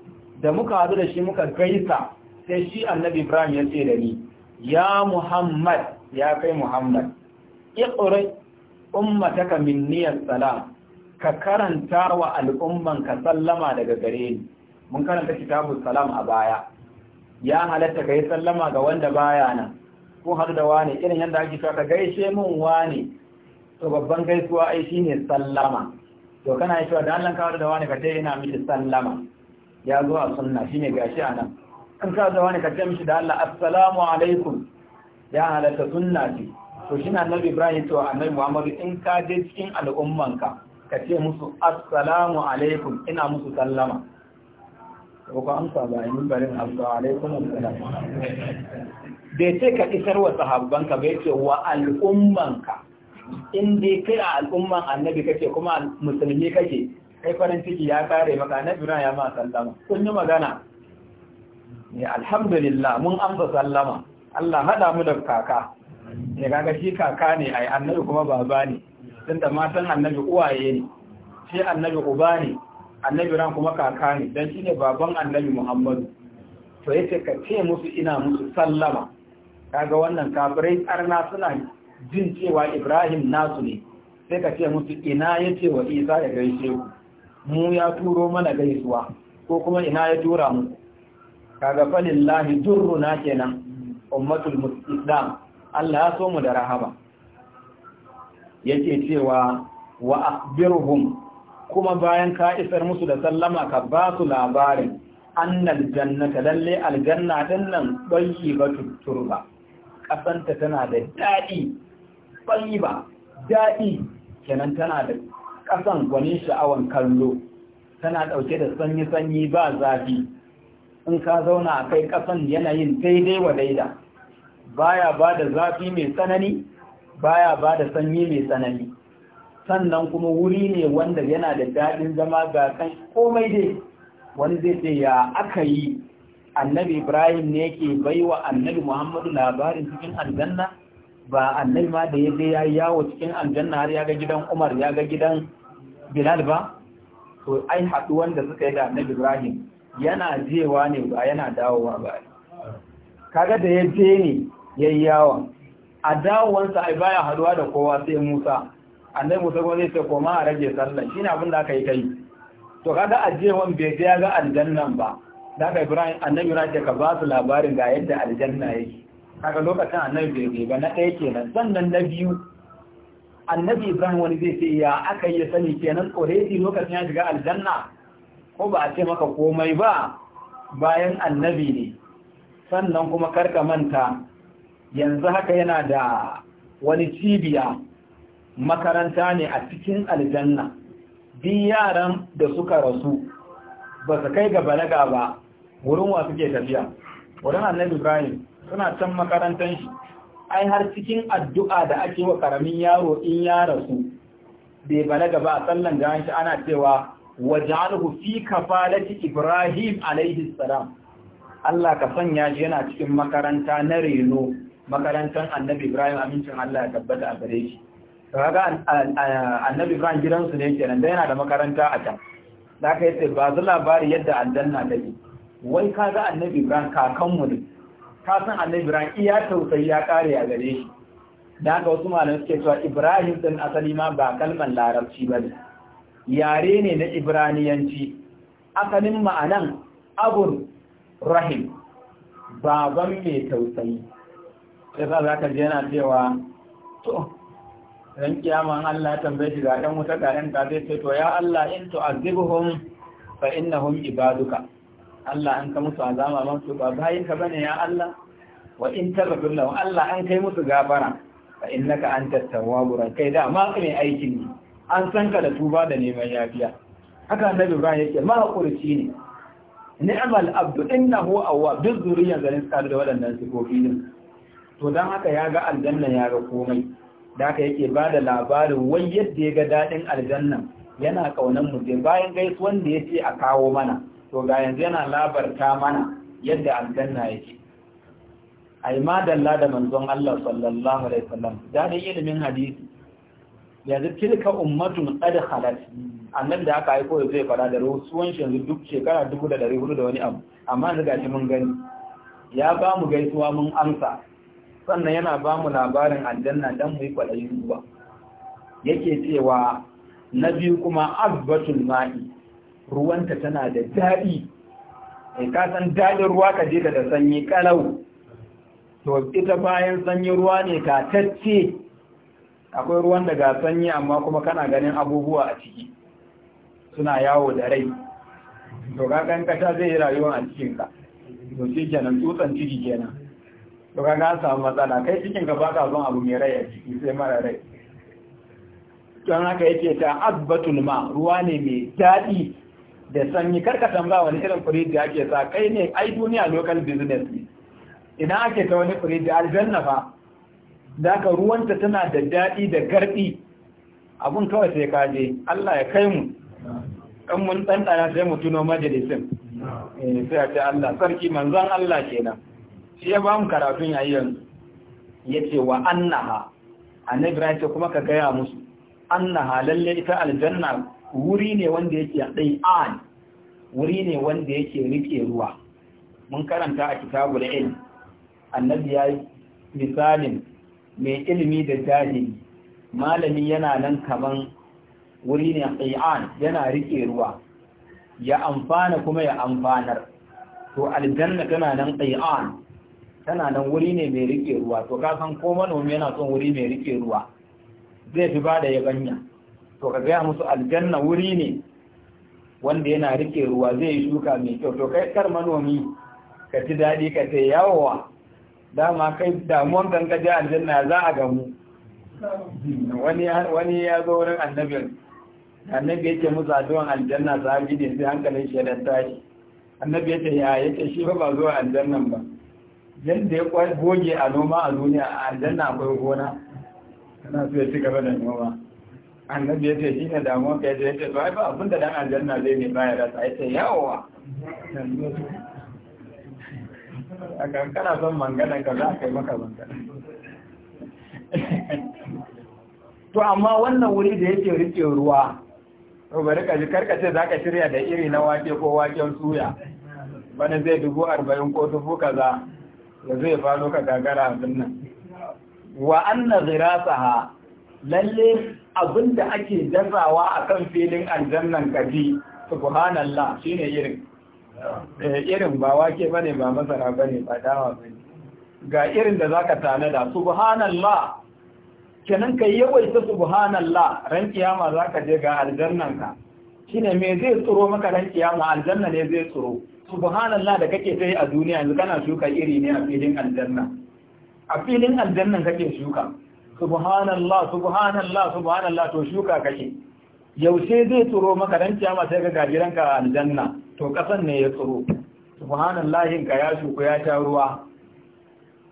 da muka hadu da shi muka gaisa sai shi annabi Ibrahim ya ce da ni ya Muhammad ya kai Muhammad iqra ummataka minni as-salam ka karanta wa al'umman ka sallama daga gare ni mun karanta kitabul salam a baya ya halatta kai sallama ga wanda baya nan ko har da wani irin yanda ake cewa ka gaishe mun wani to babban gaisuwa ai shine sallama to kana yi cewa da Allah ka da wani ka ce ina miki sallama ya zo a sunna shine gashi anan in ka da wani ka ce mishi da Allah assalamu alaikum ya halatta sunna ce to shi na annabi Ibrahim to annabi muhammadu in ka je cikin al'ummanka ka ce musu assalamu alaikum ina musu sallama ko ka amsa ba yin barin assalamu alaikum assalam bai ce ka isar wa sahabbanka bai ce wa al'ummanka in dai kai a al'umman annabi kake kuma musulmi kake kai farin ciki ya kare maka annabi ya ma sallama kun yi magana ne alhamdulillah mun amsa sallama Allah hada mu da kaka ne kaga shi kaka ne ai annabi kuma baba ne tunda matan annabi uwaye ne shi annabi uba ne annabi ran kuma kaka ne dan shine baban annabi Muhammadu to yace ka ce musu ina musu sallama kaga wannan kafirai arna suna jin cewa Ibrahim nasu ne sai ka ce musu ina yace wa Isa ya gaishe ku mu ya turo mana gaisuwa ko kuma ina ya tura mu kaga lillahi durruna kenan ummatul muslim Allah ya so mu da rahama yake cewa wa akhbirhum kuma bayan ka isar musu da sallama ka ba su labarin annal jannata lalle aljanna dinnan nan ba turba kasanta tana da dadi ba dadi kenan tana da kasan gwanin sha'awan kallo tana dauke da sanyi sanyi ba zafi in ka zauna a kai kasan yanayin daidai wa daida baya ba da zafi mai tsanani baya ba da sanyi mai tsanani sannan kuma wuri ne wanda yana da daɗin zama ga kan komai dai wani zai ce ya aka yi annabi ibrahim ne yake baiwa annabi muhammadu labarin cikin aljanna ba annabi ma da ya je ya yawo cikin aljanna har ya ga gidan umar ya ga gidan bilal ba to ai haɗu wanda suka yi da annabi ibrahim yana jewa ne ba yana dawowa ba kaga da ya je ne yayi yawon a dawowansa ai baya haduwa da kowa sai Musa annai Musa kuma zai ce koma a rage sallah shine abin da aka yi kai to kaga ajewan bai ga ga aljanna ba da ga Ibrahim annabi ya ce ka ba su labarin ga yadda aljanna yake kaga lokacin annabi bai ga ba na ɗaya kenan sannan na biyu annabi Ibrahim wani zai ce ya aka yi sani kenan already lokacin ya shiga aljanna ko ba a ce maka komai ba bayan annabi ne sannan kuma karka manta yanzu haka yana da wani cibiya makaranta ne a cikin aljanna din yaran da suka rasu ba su kai ga balaga ba wurin wa suke tafiya wurin annabi ibrahim suna can makarantar shi ai har cikin addu'a da ake wa karamin yaro in ya rasu bai balaga ba a sallan gawan shi ana cewa waj'alhu fi kafalati ibrahim alaihi salam Allah ka sanya shi yana cikin makaranta na reno makarantar annabi ibrahim amincin allah ya tabbata a gare shi kaga annabi ibrahim gidansu ne kenan da yana da makaranta a can da aka yi ba zu labari yadda aljanna ta yi wai kaga annabi ibrahim kakanmu ne ka san annabi ibrahim iya tausayi ya kare a gare shi da aka wasu malamai suke cewa ibrahim din asali ma ba kalmar larabci ba ne yare ne na ibraniyanci asalin ma'anan abun rahim baban mai tausayi sai sa za ka je yana cewa to ran kiyama Allah ya tambaye shi ga ɗan wuta ga ɗan zai ce to ya Allah in azibuhum fa innahum ibaduka Allah an ka musu azama man su ba bayin ka bane ya Allah wa in taghfir lahum Allah an kai musu gafara fa innaka antat tawwabur kai da ma kai aikin ni an san ka da tuba da neman yafiya haka annabi Ibrahim yake ma hakurci ne ni'mal abdu innahu awwab duk zuriyar da waɗannan sifofi din to don haka ya ga aljanna ya ga komai da haka yake ba da labarin wai yadda ya ga daɗin aljannan yana ƙaunar mu bayan gaisuwan da ya ce a kawo mana to ga yanzu yana labarta mana yadda aljanna yake ai madalla da manzon Allah sallallahu alaihi wasallam da da ilimin hadisi yanzu tilka ummatun qad khalat annan da aka yi ya zai fara da ruwan shi yanzu duk shekara 1400 da wani abu amma yanzu shi mun gani ya ba mu gaisuwa mun amsa sannan yana ba mu labarin aljanna dan mu yi kwaɗayin ruwa yake cewa na biyu kuma azbatul ma'i ruwanta tana da daɗi mai eh, kasan daɗin ruwa ka je da sanyi kalau to ita bayan sanyi ruwa ne ka tacce akwai ruwan da ga sanyi amma kuma kana ganin abubuwa a ciki suna yawo da rai to kan kasa zai yi rayuwa a cikinka to shi kenan tsutsan ciki kenan to ka ga samu matsala kai cikin ka baka son abu mai rai a ciki sai mara rai don haka yake ta abbatul ma ruwa ne mai daɗi da sanyi karka tambaya wani irin firiji ake sa kai ne ai duniya local business ne idan ake ta wani firiji aljanna fa da ka ruwanta tana da daɗi da garɗi abun kawai sai ka je Allah ya kai mu kan mun ɗanɗana sai mu tuno majalisin eh, sai a ce Allah sarki manzon Allah kenan shi ya ba mu karatun yayi yanzu ce wa annaha annabi ya ce kuma ka gaya musu annaha lalle ita aljanna wuri ne wanda yake dai an wuri ne wanda yake rike ruwa mun karanta a kitabul ilm annabi ya yi misalin mai ilimi da jahili malami yana nan kaman wuri ne qai'an yana rike ruwa ya amfana kuma ya amfanar to aljanna tana nan qai'an tana nan wuri ne mai rike ruwa to ka san ko manomi yana son wuri mai rike ruwa zai fi bada ya ganya to ka gaya musu aljanna wuri ne wanda yana rike ruwa zai yi shuka mai kyau to kai kar manomi ka ci daɗi ka ce yawowa dama kai damuwan kan ka je aljanna za a gamu wani ya zo wurin annabi annabi yake musu addu'an aljanna sahabi ne sai hankalin shi ya tashi annabi yake ya yake shi ba ba zuwa aljannan ba yadda ya goge a noma a duniya a aljanna akwai gona kana so ya ci gaba da noma annabi ya ce shi ne damuwa ka ya ce to ai ba abin da dan aljanna zai ne baya rasa ya ce yawa a kankana son mangana ka za ka yi maka mangana to amma wannan wuri da yake rike ruwa to bari ka ji karkace za ka shirya da iri na wake ko waken suya wani zai dubu arba'in ko dubu kaza yanzu zai falo ka gagara abin nan wa anna zirasaha lalle abin da ake dazawa a kan filin aljannan kaji subhanallah shine irin eh, irin ba wake bane ba masara bane ba dawa bane ga irin da za ka tanada subhanallah kenan ta yawaita subhanallah ran kiyama ka je ga aljannan ka ne me zai tsoro maka ran kiyama aljanna ne zai tsoro subhanallah da kake sai a duniya yanzu kana shuka iri ne a filin aljanna a filin aljanna kake shuka subhanallah subhanallah subhanallah to shuka kake yaushe zai tsoro maka dan kiyama sai ga gajiranka a aljanna to kasan ne ya tsoro subhanallah ka ya shuku ya ta ruwa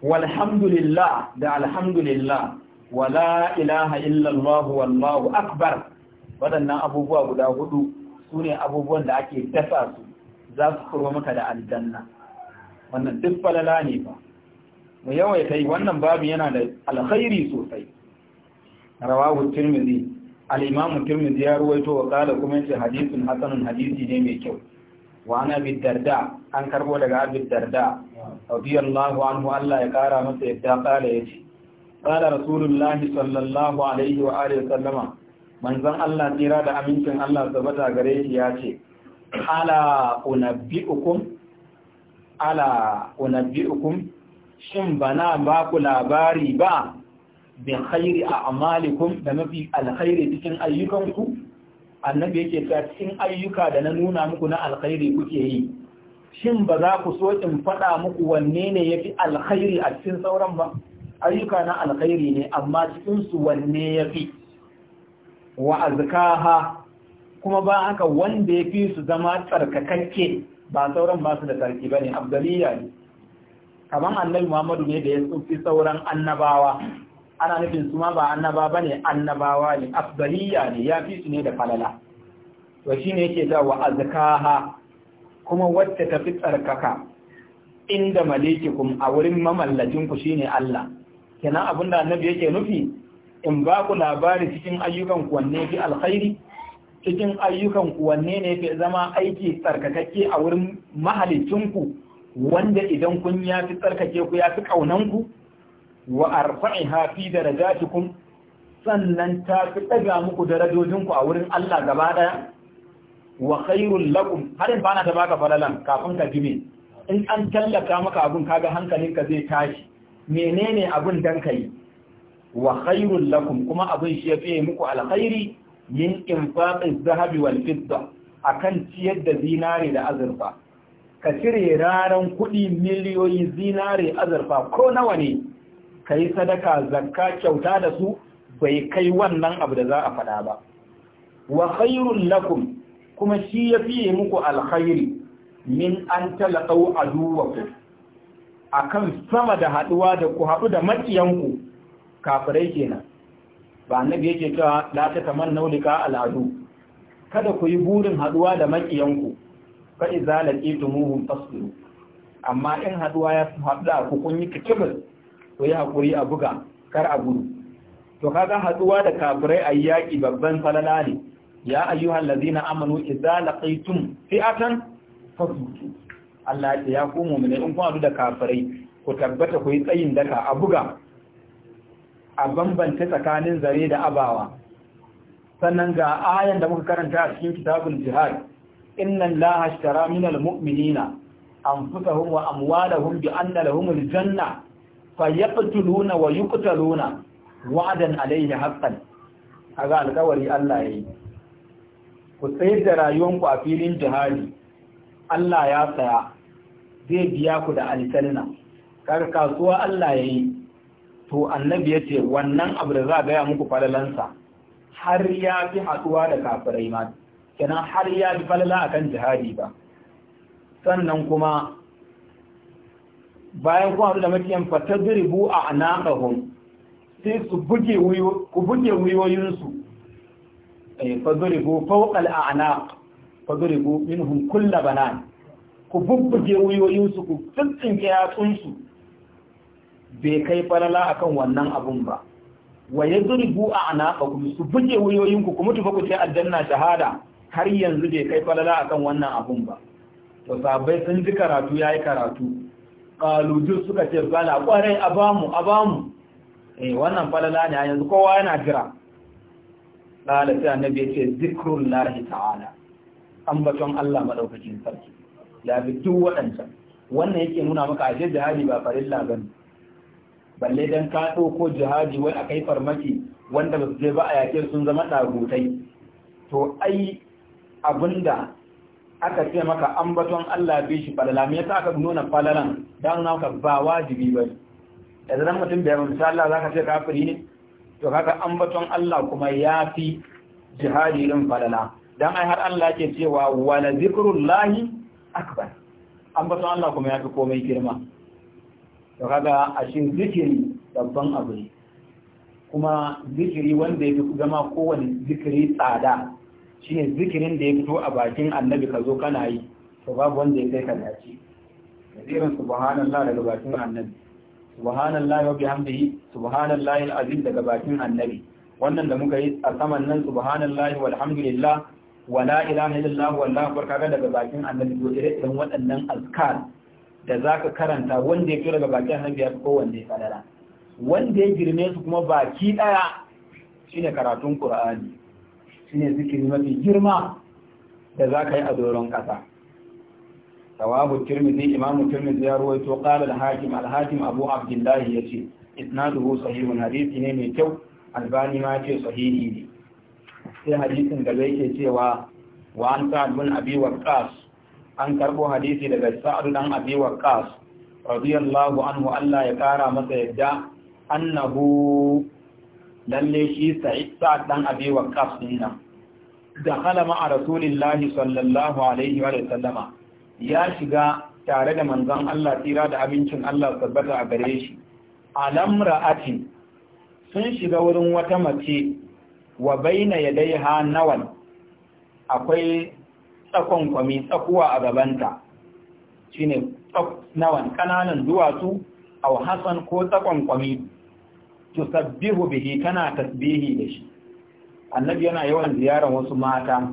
walhamdulillah da alhamdulillah wala ilaha illallah wallahu akbar waɗannan abubuwa guda hudu su ne abubuwan da ake dasa su za su kurwa maka da aljanna wannan duk falala ne ba mu yawaita yi wannan babu yana da alkhairi sosai rawahu tirmidhi al imam tirmidhi ya ruwaito wa qala kuma yace hadithun hasanun hadisi ne mai kyau wa ana bi darda an karbo daga abi darda radiyallahu anhu Allah ya kara masa yadda qala yace qala rasulullahi sallallahu alaihi wa alihi wa sallama manzon Allah tsira da amincin Allah tabbata gare shi yace ala unabbi'ukum ala unabbi'ukum shin bana ba ku labari ba bin khairi a amalikum da mafi alkhairi cikin ayyukanku annabi yake ta cikin ayyuka da na nuna muku na alkhairi kuke yi shin ba za ku so in faɗa muku wanne ne yafi alkhairi a cikin sauran ba ayyuka na alkhairi ne amma cikin su wanne yafi wa azkaha kuma ba haka wanda ya fi su zama tsarkakakke ba sauran ba su da tsarki ba ne abdaliya ne kamar annabi muhammadu ne da ya tsofi sauran annabawa ana nufin su ma ba annaba ba ne annabawa ne abdaliya ne ya fi su ne da falala to shi ne yake zawa azkaha kuma wacce ta fi tsarkaka inda malikikum a wurin mamallajinku shine Allah kenan da annabi yake nufi in ba ku labari cikin ayyukan ku wanne fi alkhairi cikin ayyukan ku wanne ne fi zama aiki tsarkakakke a wurin mahalicinku wanda idan kun ya fi tsarkake ku ya fi ƙaunanku wa arfa'iha fi darajatikum sannan ta fi ɗaga muku darajojinku a wurin Allah gaba ɗaya wa khairul lakum harin ba na ta baka falalan kafin ka jime in an tallaka maka abun kaga hankalinka zai tashi menene abun dan kai wa khairul lakum kuma abun shi ya fiye muku alkhairi min infaqin zahabi wal fidda akan ciyar da zinare da azurfa ka cire raran kuɗi miliyoyi zinare azurfa ko nawa ne ka sadaka zakka kyauta da su bai kai wannan abu da za a faɗa ba wa khairun lakum kuma shi ya fiye muku alkhairi min an talaqau aduwakum akan sama da haduwa da ku haɗu da makiyanku kafirai kenan ba annabi yake cewa da ta kaman naulika al'adu kada ku yi burin haduwa da makiyanku fa iza laqitumuhum tasbiru amma in haduwa ya haɗa ku kun yi kicibul ku yi hakuri a buga kar a gudu to kaga haduwa da kafirai a yaki babban falala ne ya ayyuhal ladina amanu iza laqitum fi'atan fasbiru Allah ya ku mu'minai in kun haɗu da kafirai ku tabbata ku yi tsayin daka a buga a bambanta tsakanin zare da abawa sannan ga ayan da muka karanta a cikin kitabul jihad inna allaha ashtara minal mu'minina anfusahum wa amwalahum bi anna lahum janna fayaqtuluna wa yuqtaluna wa'dan alayhi haqqan kaga alƙawari Allah yayi ku tsayar da ku a filin jihadi Allah ya tsaya zai biya ku da alƙalina kaga kasuwa Allah yayi to annabi ya ce wannan abu da za a gaya muku falalansa har ya fi haɗuwa da kafirai ma kenan har ya fi falala a kan jihadi ba sannan kuma bayan kuma da makiyan fata zuribu a anaƙahun sai su buge wuyoyinsu eh, fa zuribu fauƙal a anaƙ fa zuribu minhum kulla banan ku bubbuge wuyoyinsu ku tsintsinke yatsunsu bai kai falala akan wannan abun ba wa yadribu a'naqakum su buge wuyoyinku ku mutu fa ku ce aljanna shahada har yanzu bai kai falala akan wannan abun ba to sabai sun ji karatu yayi karatu qalu suka ce bala kwarai abamu abamu eh wannan falala ne yanzu kowa yana jira ƙala sai annabi ya ce zikrun lahi ta'ala ambaton Allah madaukakin sarki ya bi duk waɗancan wannan yake nuna maka ashe jihadi ba farilla bane balle dan ka ko jihadi wai a kai farmaki wanda ba su je ba a yake sun zama ɗagutai to ai abinda aka ce maka ambaton Allah bi shi falala me yasa aka nuna falalan dan nuna ka ba wajibi ba da zan mutum bai ba Allah zaka ce kafiri ne to kaga ambaton Allah kuma yafi jihadi din falala dan ai har Allah yake cewa wala zikrullahi akbar ambaton Allah kuma yafi komai girma to kaga a shi zikiri babban abu ne kuma zikiri wanda ya fi zama kowane zikiri tsada shine zikirin da ya fito a bakin annabi ka zo kana yi to babu wanda ya kai ka dace irin subhanallah daga bakin annabi Subhanallah wa bihamdihi subhanallahi alazim daga bakin annabi wannan da muka yi a saman nan subhanallahi walhamdulillah wala ilaha illallah wallahu akbar kaga daga bakin annabi to ire iren waɗannan azkar da za ka karanta wanda ya kira daga bakin annabi ko wanda kowanne fadara wanda ya girme su kuma baki ɗaya shine karatun qur'ani shine zikiri mafi girma da za ka yi a doron ƙasa tawabu tirmidhi imam tirmidhi ya ruwaito qala al-hakim al-hakim abu abdullahi yace isnaduhu sahihun hadisi ne mai kyau albani ma ce sahihi ne sai hadisin da zai ke cewa wa an sa'ad bin abi ƙas. an karbo hadisi daga sa'adu dan abi waqas radiyallahu anhu Allah ya kara masa yadda annahu lalle shi sa'id sa'ad dan abi waqas dinna dakhala ma'a rasulillahi sallallahu alaihi wa sallama ya shiga tare da manzon Allah tira da abincin Allah tabbata a gare shi alamra'atin sun shiga wurin wata mace wa baina yadaiha nawal akwai tsakon kwami tsakuwa a gabanta shine nawan kananan duwatsu a hasan ko tsakon kwami sabbihu bihi tana tasbihi da shi annabi yana yawan ziyarar wasu mata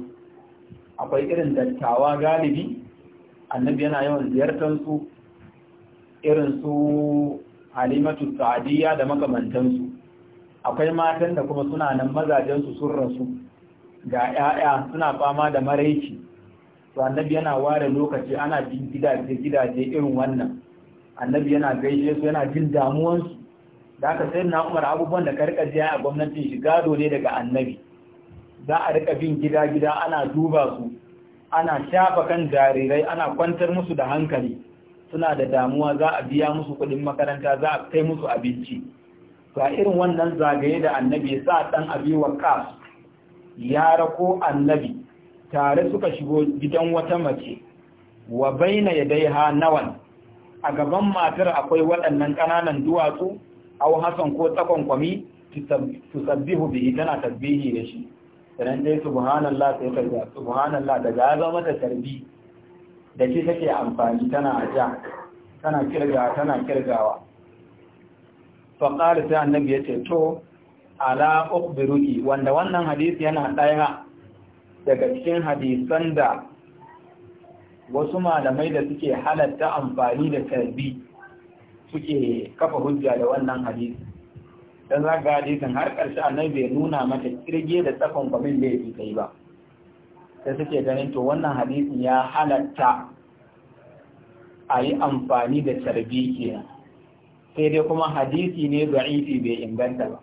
akwai irin dattawa galibi annabi yana yawan ziyartar su irin su halimatu sa'adiyya da makamantansu akwai matan da kuma suna nan mazajensu sun rasu ga 'ya'ya suna fama da maraici to annabi yana ware lokaci ana bin gidaje gidaje irin wannan annabi yana gaishe su yana jin damuwansu da aka sai na umar abubuwan da karka jiya a gwamnatin shi gado ne daga annabi za a rika bin gida gida ana duba su ana shafa kan jarirai ana kwantar musu da hankali suna da damuwa za a biya musu kuɗin makaranta za a kai musu abinci ga irin wannan zagaye da annabi sa dan abi wa ya rako annabi tare suka shigo gidan wata mace wa baina ha nawan a gaban matar akwai waɗannan ƙananan duwatsu au hasan ko tsakon kwami sabbi hubi tana tasbihi da shi sanan dai subhanallah sai ka subhanallah daga ya zama ta tarbi da ke take amfani tana aja tana kirga tana kirgawa fa qala sai annabi yace to ala ukhbiruki wanda wannan hadisi yana daya daga cikin hadisan da wasu malamai da suke halatta amfani da tarbi suke kafa hujja da wannan hadisi dan za ga hadisin har ƙarshe annabi bai nuna mata kirge da tsakon kwamin da yake kai ba sai suke ganin to wannan hadisin ya halatta a yi amfani da tarbi kenan sai dai kuma hadisi ne da'ifi bai inganta ba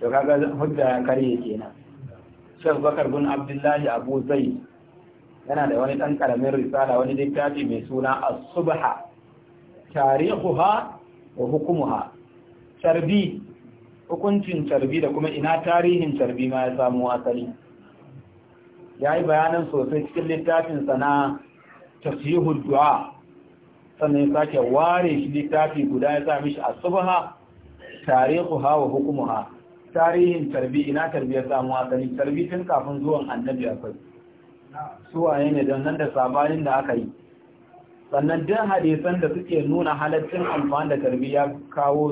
to kaga hujja kare kenan Sheikh Bakar bin Abdullahi Abu Zai yana da wani ɗan ƙaramin risala wani littafi mai suna As-Subha tarihuha wa hukumuha Carbi hukuncin carbi da kuma ina tarihin carbi ma ya samu asali ya yi bayanan sosai cikin littafin na tafsihul du'a sannan ya sake ware shi littafi guda ya sa mishi As-Subha tarihuha wa hukumuha tarihin tarbi ina tarbi ya samu asali tarbi tun kafin zuwan annabi akwai waye ne don nan da sabanin da aka yi sannan duk hadisan da suke nuna halaccin amfani da tarbi ya kawo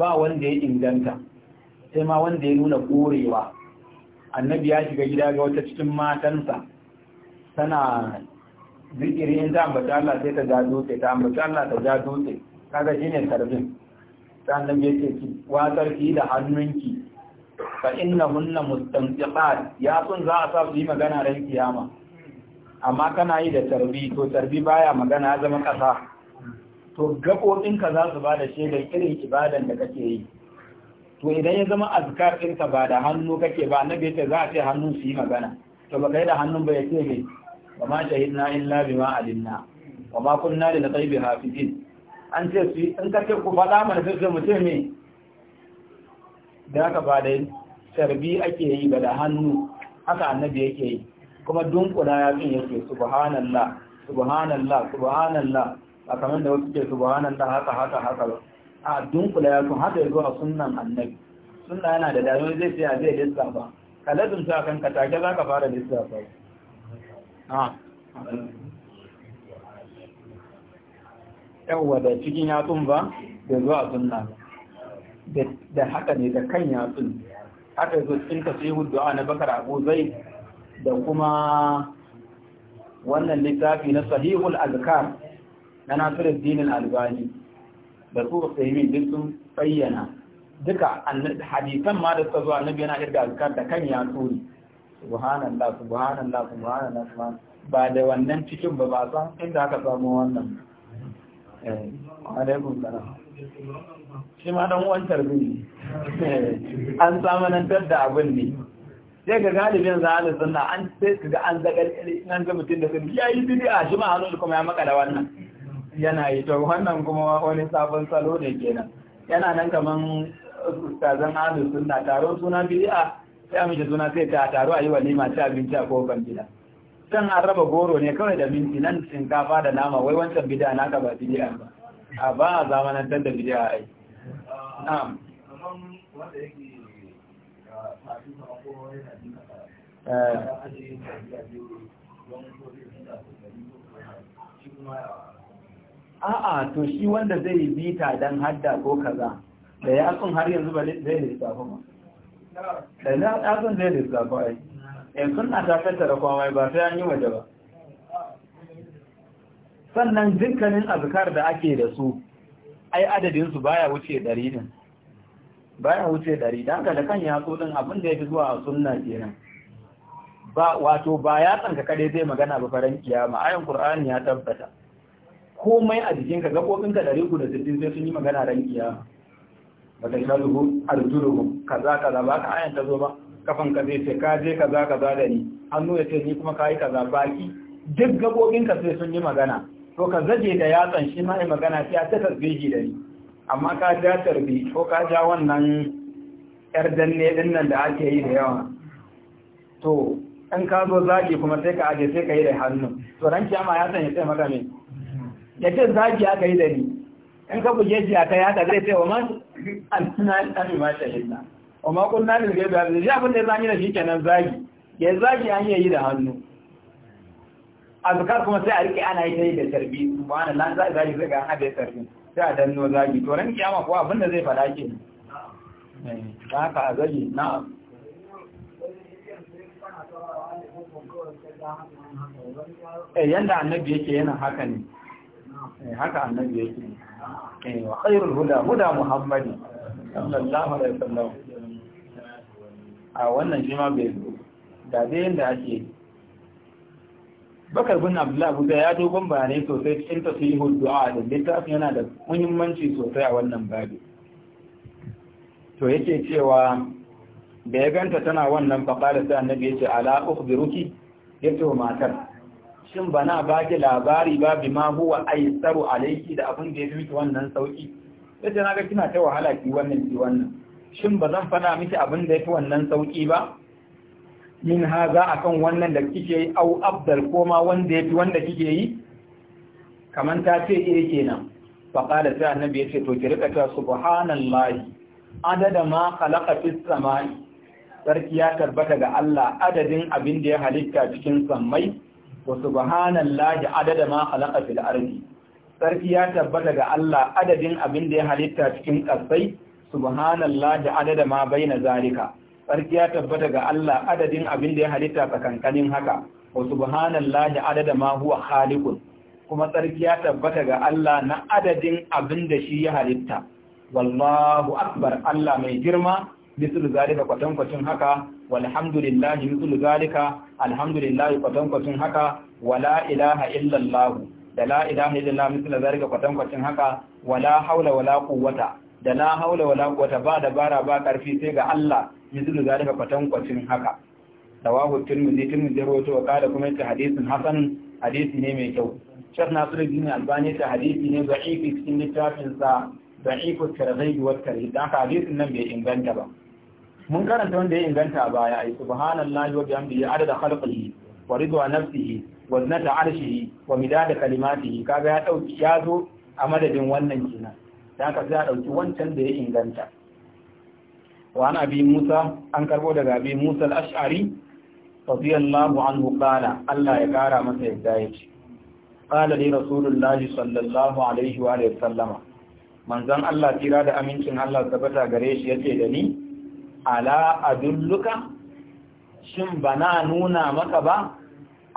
ba wanda ya inganta sai ma wanda ya nuna korewa annabi ya shiga gida ga wata cikin matansa tana zikirin ta ambata Allah sai ta ga dutse ta ambata Allah ta ja dutse kaga shine tarbin sannan ya ce ki watsar ki da hannunki fa inna hunna mustanqiqat ya sun za a sa su yi magana ran kiyama amma kana yi da tarbi to tarbi baya magana ya zama kasa to ka za su ba da shaidar irin ibadan da kake yi to idan ya zama azkar ɗinka ba da hannu kake ba na bai za a ce hannun su yi magana to ba kai da hannun ba ya ce ne ba ma shahidna illa bima alimna wa ma kunna lil ghaibi hafizin an ce su in ka ce ku faɗa mana sai mutum ne da aka ba da sharbi ake yi ba da hannu haka annabi yake yi kuma dunkula yatsun yake subhanallah subhanallah subhanallah a kamar da wasu ke subhanallah haka haka haka a dunkula yatsun haka ya zuwa sunan sunnan annabi sunna yana da dare zai sai a zai lissafa ka lazumta ka, take za ka fara lissafa ah. yawwa da cikin yatsun ba da zuwa sunna da haka ne da kan yatsun haka yazo cikin tasihu du'a na bakar abu zai da kuma wannan littafi na sahihul azkar na nasiruddin dinin albani da su sai duk sun bayyana duka hadisan ma da suka zuwa annabi yana irga azkar da kan yatsu ne subhanallah subhanallah subhanallah ba da wannan cikin ba ba san inda aka samu wannan Eh, alaikun sana shi ma dan uwan tarbi an samanantar da abin ne sai ka galibin zahalin suna, an sai ka ga an zagar nan ga mutum da sun ya yi a shi ma hannun kuma ya makala wannan yana yi to wannan kuma wani sabon salo ne kenan yana nan kaman ustazan ahlus suna, taro suna bidi'a sai amince suna sai ta taro a yi walima ci abinci a kofar gida can an raba goro ne kawai da minti nan shinkafa da nama wai wancan na naka ba bidiya. ba a ba a zamanantar da bid'a a yi. Eh. a'a to shi wanda zai yi bita don hadda ko kaza da ya har yanzu ba zai ma da ya zai in suna ta da kwamai, ba sai an yi waje ba sannan dukkanin azkar da ake da su ai adadin su baya wuce 100 din baya wuce 100 dan da kan yatsu din abin da fi zuwa a sunna kenan ba wato ba ya tsanka kade zai magana ba faran kiyama ayan qur'ani ya tabbata komai a jikin ka gabobin ka 360 sai sun yi magana ran kiyama baka ila dubu arjuluhu kaza kaza ba ka ayan ta zo ba kafan ka zai ce ka je kaza kaza da ni hannu ya ce ni kuma ka yi kaza baki duk gabobin ka sai sun yi magana to ka zaje da yatsan shi ma yi magana sai ta tasbihi da ni amma ka ja tarbi ko ka ja wannan yar danne din nan da ake yi da yawa to in ka zo zaki kuma sai ka aje sai ka yi da hannu to ran kiyama ya san ya sai maka ne ya ce zaki aka yi da ni in ka buge jiya aka yaka zai ce wa man al-sunan [LAUGHS] an ma amma ma kunna ne ghaibi hafiz ya abin da ya zani da shi kenan zagi ya zagi an yi da hannu azkar kuma sai a rike ana yi ta yi da tarbi subhanallah zai zagi zai ga ana da tarbi sai a danno zagi to ran kiyama ko abin da zai fada ke ne eh, ka ka zagi na eh yanda annabi yake yana haka ne eh haka annabi yake eh wa khairul huda huda muhammadi sallallahu alaihi wasallam a wannan shi ma bai zo da zai yadda ake bakar bin abdullah abuja ya dogon bayanai sosai cikin tasirihul du'a da littafin yana da muhimmanci sosai a wannan babi to yake cewa da ya ganta tana wannan faƙala sai annabi yace ala ukhbiruki yato matar shin bana baki labari ba ma huwa aisaru alayki da abin da yafi miki wannan sauki na ga kina ta wahala ki wannan ki wannan shin ba zan fada miki abin da ya wannan sauki ba min haza akan wannan da kike yi au abdal koma wanda yafi wanda kike yi kamar ta ce eh kenan qala sai annabi ya ce to ki rika ta subhanallahi adada ma khalaqa fis samai sarki ya tabbata ga Allah adadin abin da ya halitta cikin samai. wa subhanallahi adada ma khalaqa fil ardi sarki ya tabbata ga Allah adadin abin da ya halitta cikin kasai subhanallahi adada ma bai na zalika sarki ya tabbata ga Allah adadin abin da ya halitta tsakankanin haka wa subhanallahi adada ma huwa khaliqun kuma sarki ya tabbata ga Allah na adadin abin da shi ya halitta wallahu akbar Allah mai girma mislu zalika kwatankwacin haka walhamdulillahi mislu zalika alhamdulillahi kwatankwacin haka wala ilaha illallah da la ilaha illallah mislu zalika kwatankwacin haka wala haula wala quwwata da na haula wala kuwata ba dabara ba karfi sai ga Allah mithlu zalika kwatankwacin haka rawahu tirmidhi tirmidhi rawato wa kada kuma ita hadisin hasan hadisi ne mai kyau Nasiru nasiruddin albani ta hadisi ne da'ifi cikin littafin sa da'ifu targhib wa tarhib haka hadisin nan bai inganta ba mun karanta wanda ya inganta a baya ai subhanallahi wa bihamdihi adada khalqihi wa ridwa nafsihi wa zinata arshihi wa midada kalimatihi kaga ya dauki ya zo a madadin wannan kenan da aka za a ɗauki wancan da ya inganta wa ana bi musa an karbo daga bi musa al'ash'ari radiyallahu anhu qala Allah ya kara masa yadda ya ce qala li rasulullah sallallahu alaihi wa alihi sallama manzon Allah tira da amincin Allah tabbata gare shi yace da ni ala adulluka shin bana nuna maka ba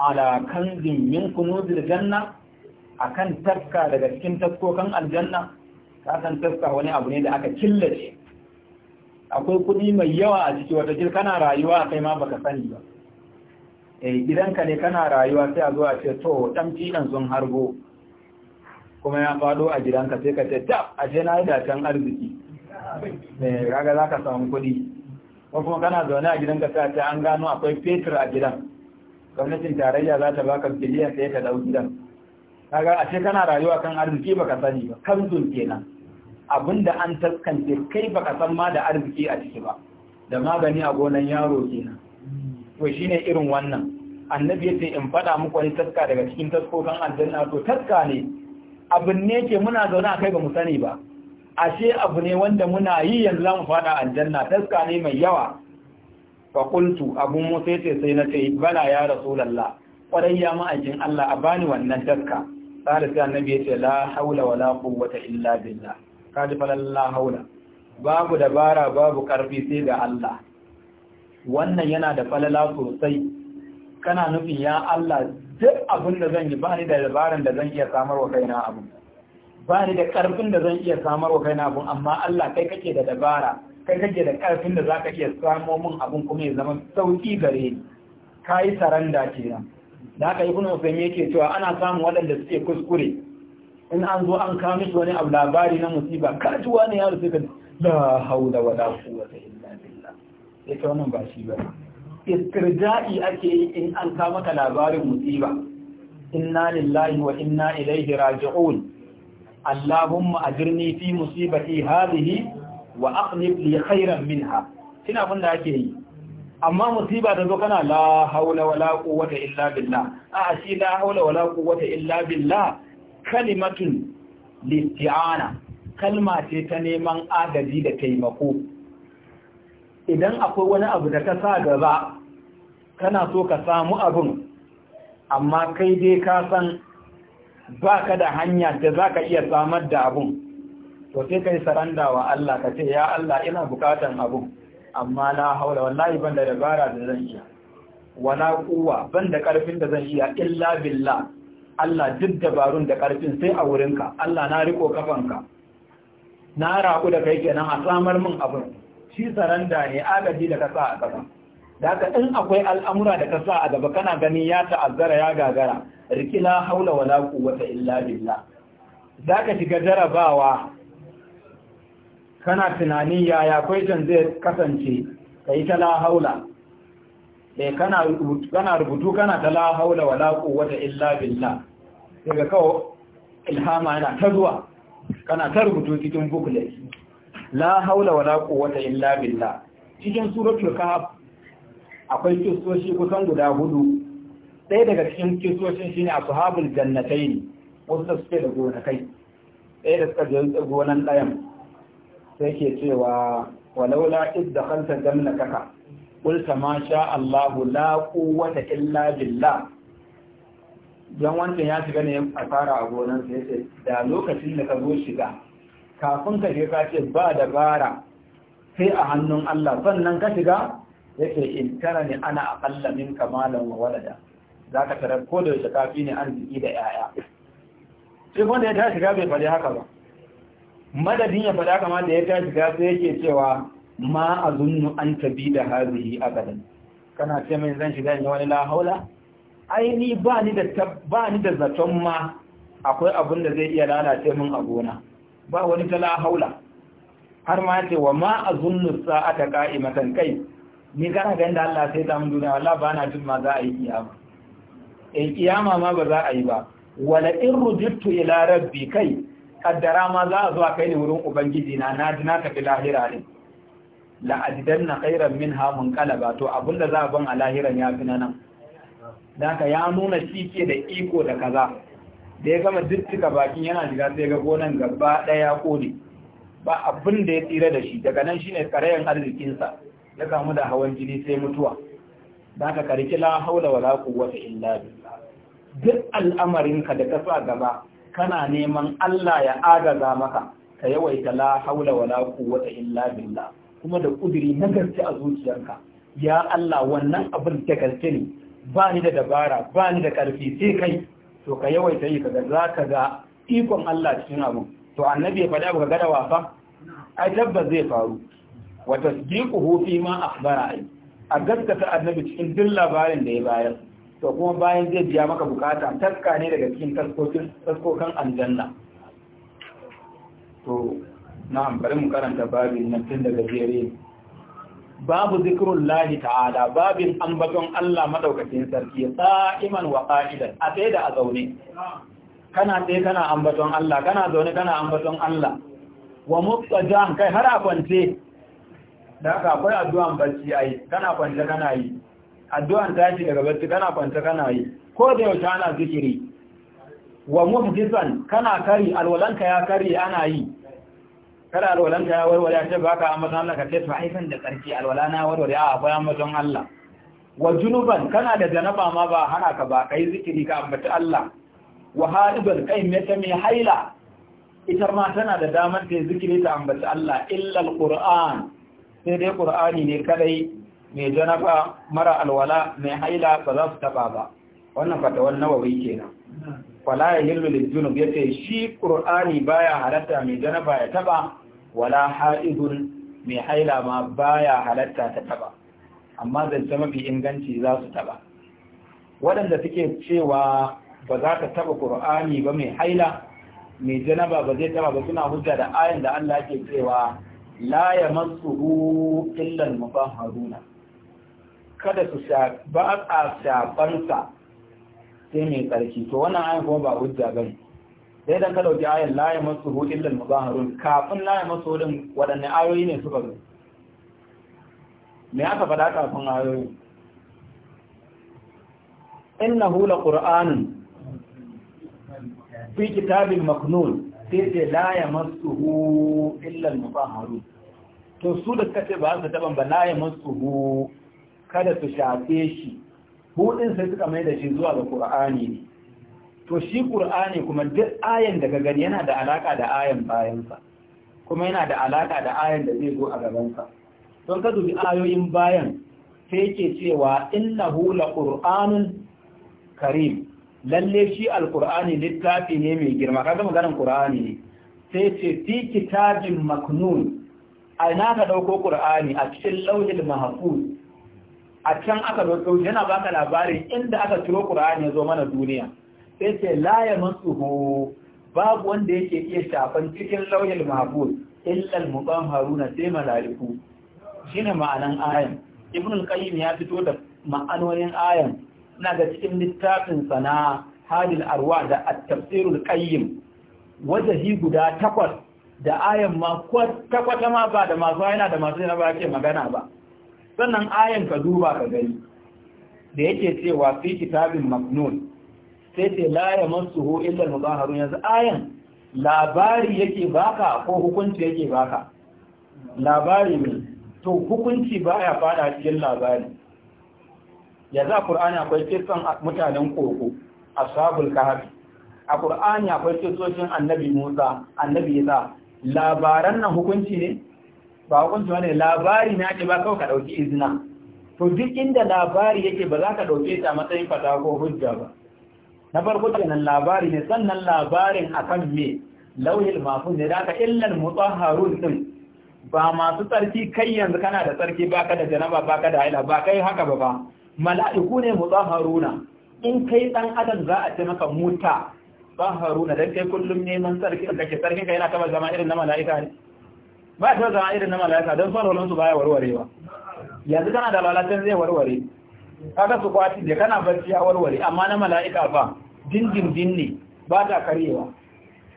ala kanzin min kunuzil janna akan takka daga cikin takkokan aljanna ka san taska wani abu ne da aka killace akwai kuɗi mai yawa a ciki wata jirgin. kana rayuwa a kai ma baka sani ba eh gidanka ne kana rayuwa sai a zo a ce to dan tilan sun harbo kuma ya faɗo a gidanka sai ka ce tab a ce na yi dacen arziki eh kaga za ka samu kuɗi ko kuma kana zaune a gidanka sai a ce an gano akwai fetur a gidan gwamnatin tarayya za ta baka biliyan sai ka dau gidan kaga a ce kana rayuwa kan arziki baka sani ba kan kenan da an taskance kai baka san ma da arziki a ciki ba da magani a gonan yaro kenan to shine irin wannan annabi ya ce in fada muku wani taska daga cikin taskokan aljanna to taska ne abin ne ke muna zaune a kai ba mu sani ba ashe abu ne wanda muna yi yanzu za mu fada aljanna taska ne mai yawa fa qultu abu musa ce sai na ce bala ya rasulullah kwarai ya ma'aikin Allah a bani wannan taska sai annabi annabi yace la haula wala quwwata illa billah kaji falalla haula babu dabara babu karfi sai ga Allah wannan yana da falala sosai kana nufi ya Allah duk abin da zan yi ba ni da dabaran da zan iya samar wa kaina abu ba ni da karfin da zan iya samar wa kaina abu amma Allah kai kake da dabara kai kake da karfin da zaka iya samo min abun kuma ya zama sauki gare ni kai saranda kenan da haka ibnu usaimi yake cewa ana samun waɗanda suke kuskure in an zo an kawo mishi wani abu labari na musiba kaji wani yaro sai ka la haula wala quwwata illa billah ita wannan ba shi ba istirja'i ake yi in an kawo maka labarin musiba inna lillahi wa inna ilaihi raji'un allahumma ajirni fi musibati hadhihi wa aqlib li khairan minha kina abin da ake yi amma musiba ta zo kana la haula wala quwwata illa billah a shi la haula wala quwwata illa billah kalimatun litti'ana kalma ce ta neman agaji da taimako idan akwai wani abu da ka sa gaba kana so ka samu abin amma kai dai ka san ba ka da hanya da za ka iya samar da abin to sai kai saranda wa Allah ka ce ya Allah ina bukatan abin amma na haula wallahi ban da dabara da zan iya wala kuwa ban da karfin da zan iya illa billah Allah duk dabarun da ƙarfin sai a wurinka Allah na riko kafanka na raku da kai kenan a samar min abin shi saranda ne agaji da ka sa a gaba da ka in akwai al'amura da ka sa a gaba kana gani ya ta'azzara ya gagara rikila haula wala quwwata illa billah za ka shiga jarabawa kana tunanin yaya kwaitan zai kasance kai ta la haula eh kana rubutu kana ta la haula wala wata illa billah daga kawo ilhama yana ta zuwa kana ta rubutu cikin bukule la haula wala wata illa billah cikin suratul kahf akwai kisoshi kusan guda hudu ɗaya daga cikin kisoshin shine jannatai ne wasu da suke da gonakai ɗaya da suka je gonan ɗayan sai ke cewa walaula id dakhalta jannataka qulta ma sha Allah la quwwata illa billah dan wanda ya shiga ne a fara a gonan sai sai da lokacin da ka zo shiga kafin ka je ka ce ba da bara sai a hannun Allah sannan ka shiga yake in tara ne ana aqalla min kamalan wa walada zaka tarar ko da yake kafi ne jiki da yaya sai wanda ya tashi shiga bai faɗi haka ba madadin ya haka ma da ya tashi shiga sai yake cewa ma azunnu an tabi da hazihi abadan kana ce mai zan shiga in wani lahaula ai ni ba ni da zaton ma akwai abin da zai iya lalace min a gona ba wani ta lahaula har ma ce wa ma azunnu sa'ata qa'imatan kai ni kana ga da Allah sai zamu duniya wala ba na jin ma za a yi kiyama E kiyama ma ba za a yi ba wala in rujittu ila rabbi kai kaddara ma za a zo kai ne wurin ubangiji na na ji na tafi lahira ne La'adidan na kairan min hamun kalaba to abinda za a ban a lahiran ya fi nan da ka ya nuna cike da iko da kaza da ya gama dukkan bakin yana shiga sai ga gonan gaba daya kone ba abin ya tsira da shi daga nan shine karayan arzikinsa ya kamu da hawan jini sai mutuwa da ka karki la haula wala quwwata illa billah duk al'amarin ka da ka sa gaba kana neman Allah ya agaza maka ka yawaita la haula wala quwwata illa billah kuma da kuduri na gaske a zuciyarka ya Allah wannan abin da garci ne ba ni da dabara ba ni da karfi sai kai to ka yawaita yi kaga za ka ga ikon Allah cikin abin to annabi ya faɗa ba ga da wasa ai tabbas zai faru wa tasdiquhu fi ma akhbara ai a gaskata annabi cikin duk labarin da ya bayar to kuma bayan zai biya maka bukata taska ne daga cikin taskokin taskokan aljanna na'am bari mu karanta babin nan tun daga jere babu zikrul lahi ta'ala babin ambaton Allah madaukakin sarki sa'iman wa qa'idan a tsaye da a zaune kana tsaye kana ambaton Allah kana zaune kana ambaton Allah wa mutajan kai har a kwance da haka akwai addu'an bacci ai kana kwance kana yi addu'an tashi daga bacci kana kwance kana yi ko da yaushe ana zikiri wa mufdisan kana kari alwalanka ya kari ana yi kada alwalan ta warware ce baka ambaton Allah ka ce to da tsarki alwala na warware a akwai ambaton Allah wa junuban kana da janaba ma ba hana ka ba kai zikiri ka ambaci Allah wa hadiban kai mata ta mai haila ita ma tana da damar ta zikiri ta ambaci Allah illa alquran sai dai qur'ani ne kadai mai janaba mara alwala mai haila ba za su taba ba wannan fatawar nawawi kenan fala yahillu junub yace shi qur'ani baya halatta mai janaba ya taba wala haidun mai haila ma baya halatta ta taba amma zance mafi inganci za su taba waɗanda suke cewa ba za ka taba qur'ani ba mai haila mai janaba ba zai taba ba suna hujja da ayin da Allah ke cewa la yamassuhu illa al-mutahharuna kada su sha ba a shafansa sai mai tsarki to wannan ayan kuma ba hujja bane sai dan ka dauki ayan la yamassuhu illa al-mudahharun kafin la yamassuhu din wadanne ayoyi ne suka zo me aka faɗa kafin ayoyi innahu laqur'anun fi kitabin maknun sai ce la yamassuhu illa al-mudahharun to su da kace ba su taban ba la yamassuhu kada su shafe shi hudin sai suka mai da shi zuwa ga qur'ani ne to shi qur'ani kuma duk ayan da ga gani yana da alaka da ayan bayansa kuma yana da alaka da ayan da zai zo a gabansa don ka dubi ayoyin bayan sai yake cewa innahu laqur'anun karim lalle shi alqur'ani littafi ne mai girma kaga maganar qur'ani ne sai ce fi kitabin maknun Ai na ka dauko qur'ani a cikin lauhil mahfuz a can aka zo yana baka labarin inda aka ciro Qur'ani ya zo mana duniya sai ce la ho. babu wanda yake iya shafan cikin lauhil mahfuz illa al na sai malaiku shine ma'anan ayan ibn al ya fito da ma'anonin ayan ina ga cikin littafin sana hadil arwa da at-tafsirul qayyim wajahi guda takwas da ayan ma takwas ma ba da masu yana da masu yana ba ke magana ba sannan ayan ka duba ka gani da yake cewa fi kitabin maknun sai ce la ya masuhu illa al yanzu ayan labari yake baka ko hukunci yake baka labari ne to hukunci baya fada cikin labari yanzu a Kur'ani akwai kisan mutanen koko a ashabul kahf a Kur'ani akwai kisoshin annabi Musa annabi Isa labaran nan hukunci ne ba hukunci wani labari na ake ba kawai ka ɗauki izina to duk inda labari yake ba za ka ɗauke ta matsayin fata ko hujja ba na farko kenan labari ne sannan labarin akan me lauhil mafun ne da ka illar mutahharun din ba masu sarki kai yanzu kana da tsarki ka da janaba ka da haila ba kai haka ba ba mala'iku ne mutahharuna in kai dan adam za a ce maka muta haruna dan kai kullum neman tsarki kake tsarkin kai yana kama zama irin na mala'ika ne ba ta zama irin na mala'ika don ba ya baya warwarewa yanzu kana da lalacin zai warware kaga su kwati da kana barci a warware amma na mala'ika fa dindindin ne ba ta karyewa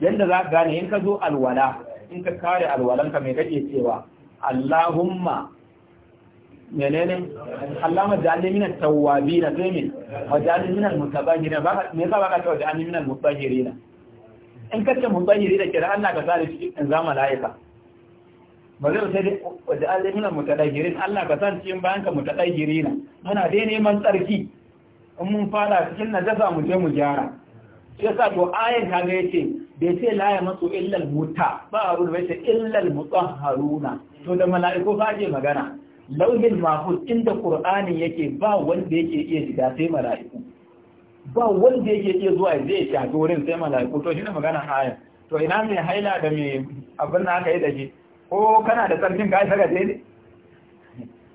yadda za ka gane in ka zo alwala in ka kare alwalanka mai kake cewa Allahumma menene allama ja'alni min tawabi na sai min wa ja'alni min al-mutatahhirin ba me yasa ba ka cewa ja'alni min al-mutatahhirin in kace mutatahhirin da kira Allah ka sare cikin zama mala'ika ba zai sai dai wajen alimina mutadahirin Allah ka san cikin bayan ka na. muna dai neman tsarki in mun fada cikin na najasa mu je mu gyara shi yasa to ayan ta ga yace bai ce la ya masu illal muta ba a da bai illal Haruna. to da mala'iku ka ake magana lauhin mahfuz inda qur'ani yake ba wanda yake iya shiga sai mala'iku ba wanda yake iya zuwa zai shafi wurin sai mala'iku to shi ne magana ayan to ina mai haila da mai abin da aka yi da shi ko kana da tsarkin ka saka ta ne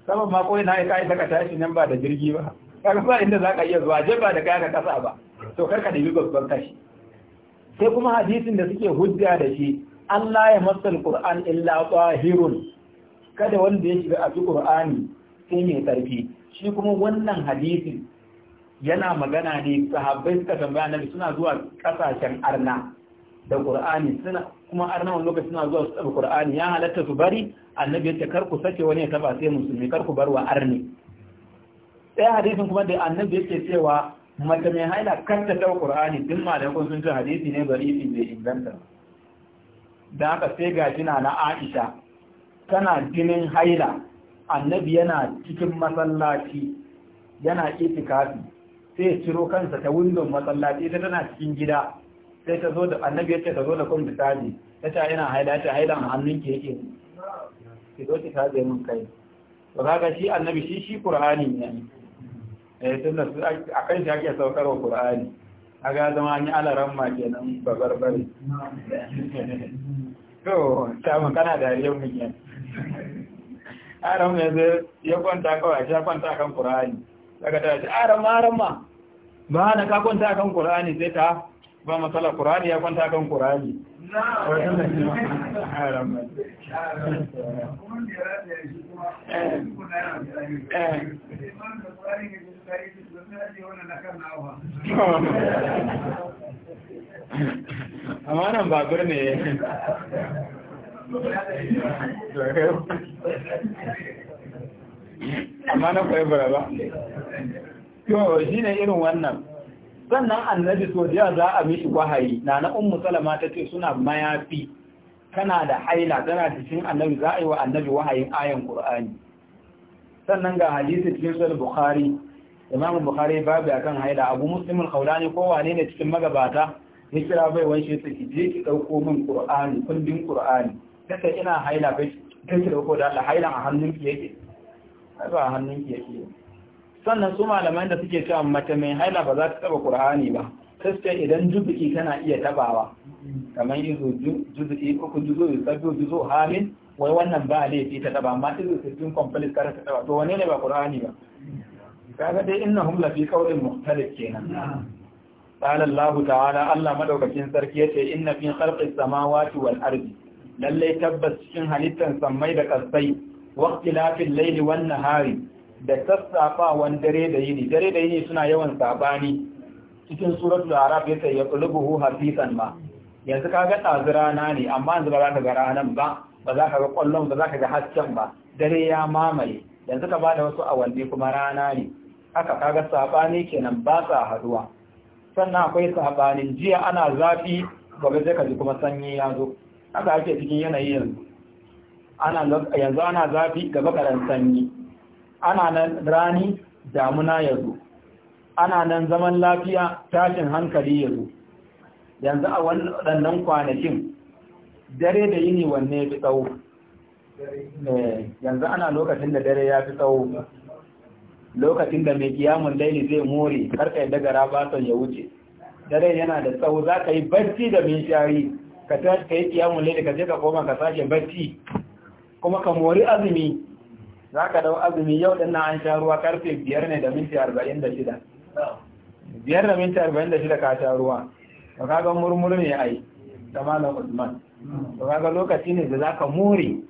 saman ma koyi na ya kai saka tashi nan ba da jirgi ba kaga ba inda za ka iya zuwa je ba da kaya ka kasa ba to karka da babban kashi sai kuma hadisin da suke hujja da shi Allah ya masal Qur'an illa tahirun kada wanda ya shiga a Qur'ani sai mai tsarki shi kuma wannan hadisin yana magana ne sahabbai suka tambaya annabi suna zuwa kasashen arna da Qur'ani suna kuma arnawan lokaci suna zuwa su tsaba Qur'ani ya halatta su bari annabi yace kar ku sake wani ya taba sai musulmi kar ku bar wa arni sai hadisin kuma da annabi yake cewa mace mai haila kar ta taba Qur'ani din malakun sun ce hadisi ne barifi bai inganta da haka sai ga jina na Aisha tana jinin haila annabi yana cikin masallaci yana itikafi sai ciro kansa ta windon masallaci ita tana cikin gida sai ta zo da annabi ya ce ta zo da kun misali ta ce ina haila ta haila a hannun ki yake ki zo ki taje min kai to kaga shi annabi shi shi qur'ani ne eh tunda a kan shi ake saukar wa qur'ani kaga zama an yi alaran ma kenan babarbare to ta mun kana da yau mun yi aram ne zai ya kwanta kawai ya kwanta kan qur'ani daga ta ce aram aram ma ba na ka kwanta kan qur'ani sai ta ba matsala ƙurani ya kwanta kan ƙurani amma nan ba birni amma na kwaibura ba yau shi ne irin wannan sannan annabi so za a mishi wahayi na na ummu salama ta ce suna mayafi kana da haila tana cikin annabi za a yi wa annabi wahayin ayan Kur'ani. sannan ga hadisi cikin sahih bukhari imam bukhari babu akan haila abu muslim al ko wane ne cikin magabata ya kira bai wani ta ki je ki dauko min qur'ani kundin qur'ani kace ina haila bai ki dauko da Allah haila a hannunki yake ba hannunki yake sannan su malaman da suke cewa mace mai haila ba za ta taba qur'ani ba sai idan juzuki tana iya tabawa kamar izo juzuki uku juzo sabbi juzo halin wai wannan ba laifi ta taba amma izo sittin complete kar ta taba to wane ne ba qur'ani ba kaga dai innahum la fi qawlin mukhtalif kenan qala Allah ta'ala Allah madaukakin sarki yace inna fi khalqis samawati wal ardi lalle tabbas cikin halittan samai da kasai waqtilafil layli wan nahari da sassafawan dare da yini dare da yini suna yawan sabani cikin suratul arab yace yaqlubuhu hafisan ma yanzu kaga tazira na ne amma yanzu ba za ka ga ranan ba ba za ka ga kwallon ba za ka ga hasken ba dare ya mamaye yanzu ka bada wasu awanni kuma rana ne haka kaga sabani kenan ba sa haduwa sannan akwai sabanin jiya ana zafi gobe sai ka ji kuma sanyi ya zo haka ake cikin yanayi yanzu ana yanzu ana zafi gaba karan sanyi ana nan rani damuna ya zo ana nan zaman lafiya tashin hankali ya zo yanzu a wannan kwanakin dare da yini wanne ya fi tsawo eh, yanzu ana lokacin da dare ya fi tsawo lokacin da mai kiyamun laili zai more karka yadda gara basan ya wuce dare yana da tsawo za ka yi barci da min shari ka yi kiyamun laili ka je ka koma ka sake barci kuma ka mori azumi za ka dau azumi yau din na an sha ruwa karfe biyar ne da minti arba'in da shida biyar da minti arba'in da shida ka sha ruwa ka ga murmuru ne ai da malam usman ka ga lokaci ne da za ka more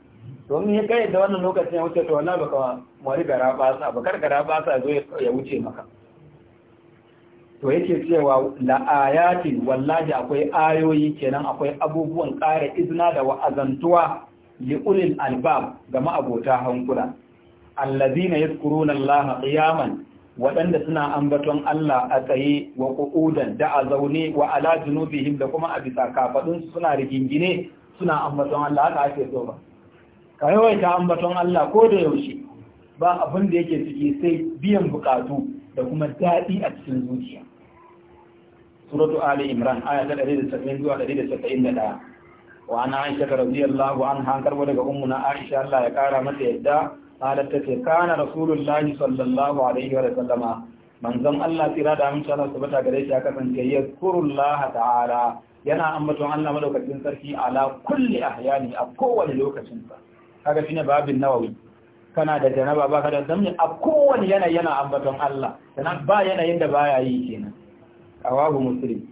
to in ya kai da wannan lokacin ya wuce to wallahi baka mori gara ba sa ba kar gara ba sa zo ya wuce maka to yake cewa la'ayati wallahi akwai ayoyi kenan akwai abubuwan kare izina da wa'azantuwa li'ulil albab ga ma'abota hankula allazina yadhkuruna allaha qiyaman waɗanda suna ambaton Allah a tsaye wa ƙu'udan da a zaune wa ala junubihim da kuma a bisa kafaɗinsu suna rigingine suna ambaton Allah haka ake so ba ka yawaita ambaton Allah ko da yaushe ba abin da yake ciki sai biyan bukatu da kuma daɗi a cikin zuciya suratu ali imran aya ta 170 zuwa 171 wa ana aisha radiyallahu anha karbo daga ummuna aisha Allah ya kara mata yadda كان ta الله kana الله sallallahu alaihi wa sallama الله Allah tira da amince سبتا subhanahu gare كي يذكر الله تعالى ينا yana ambaton الله ملوك sarki في على كل a أقوى lokacin sa هذا في babin النووي kana da janaba ka da zamni a kowane yanayi yana ambaton Allah sanan ba yanayin da baya yi kenan awahu muslim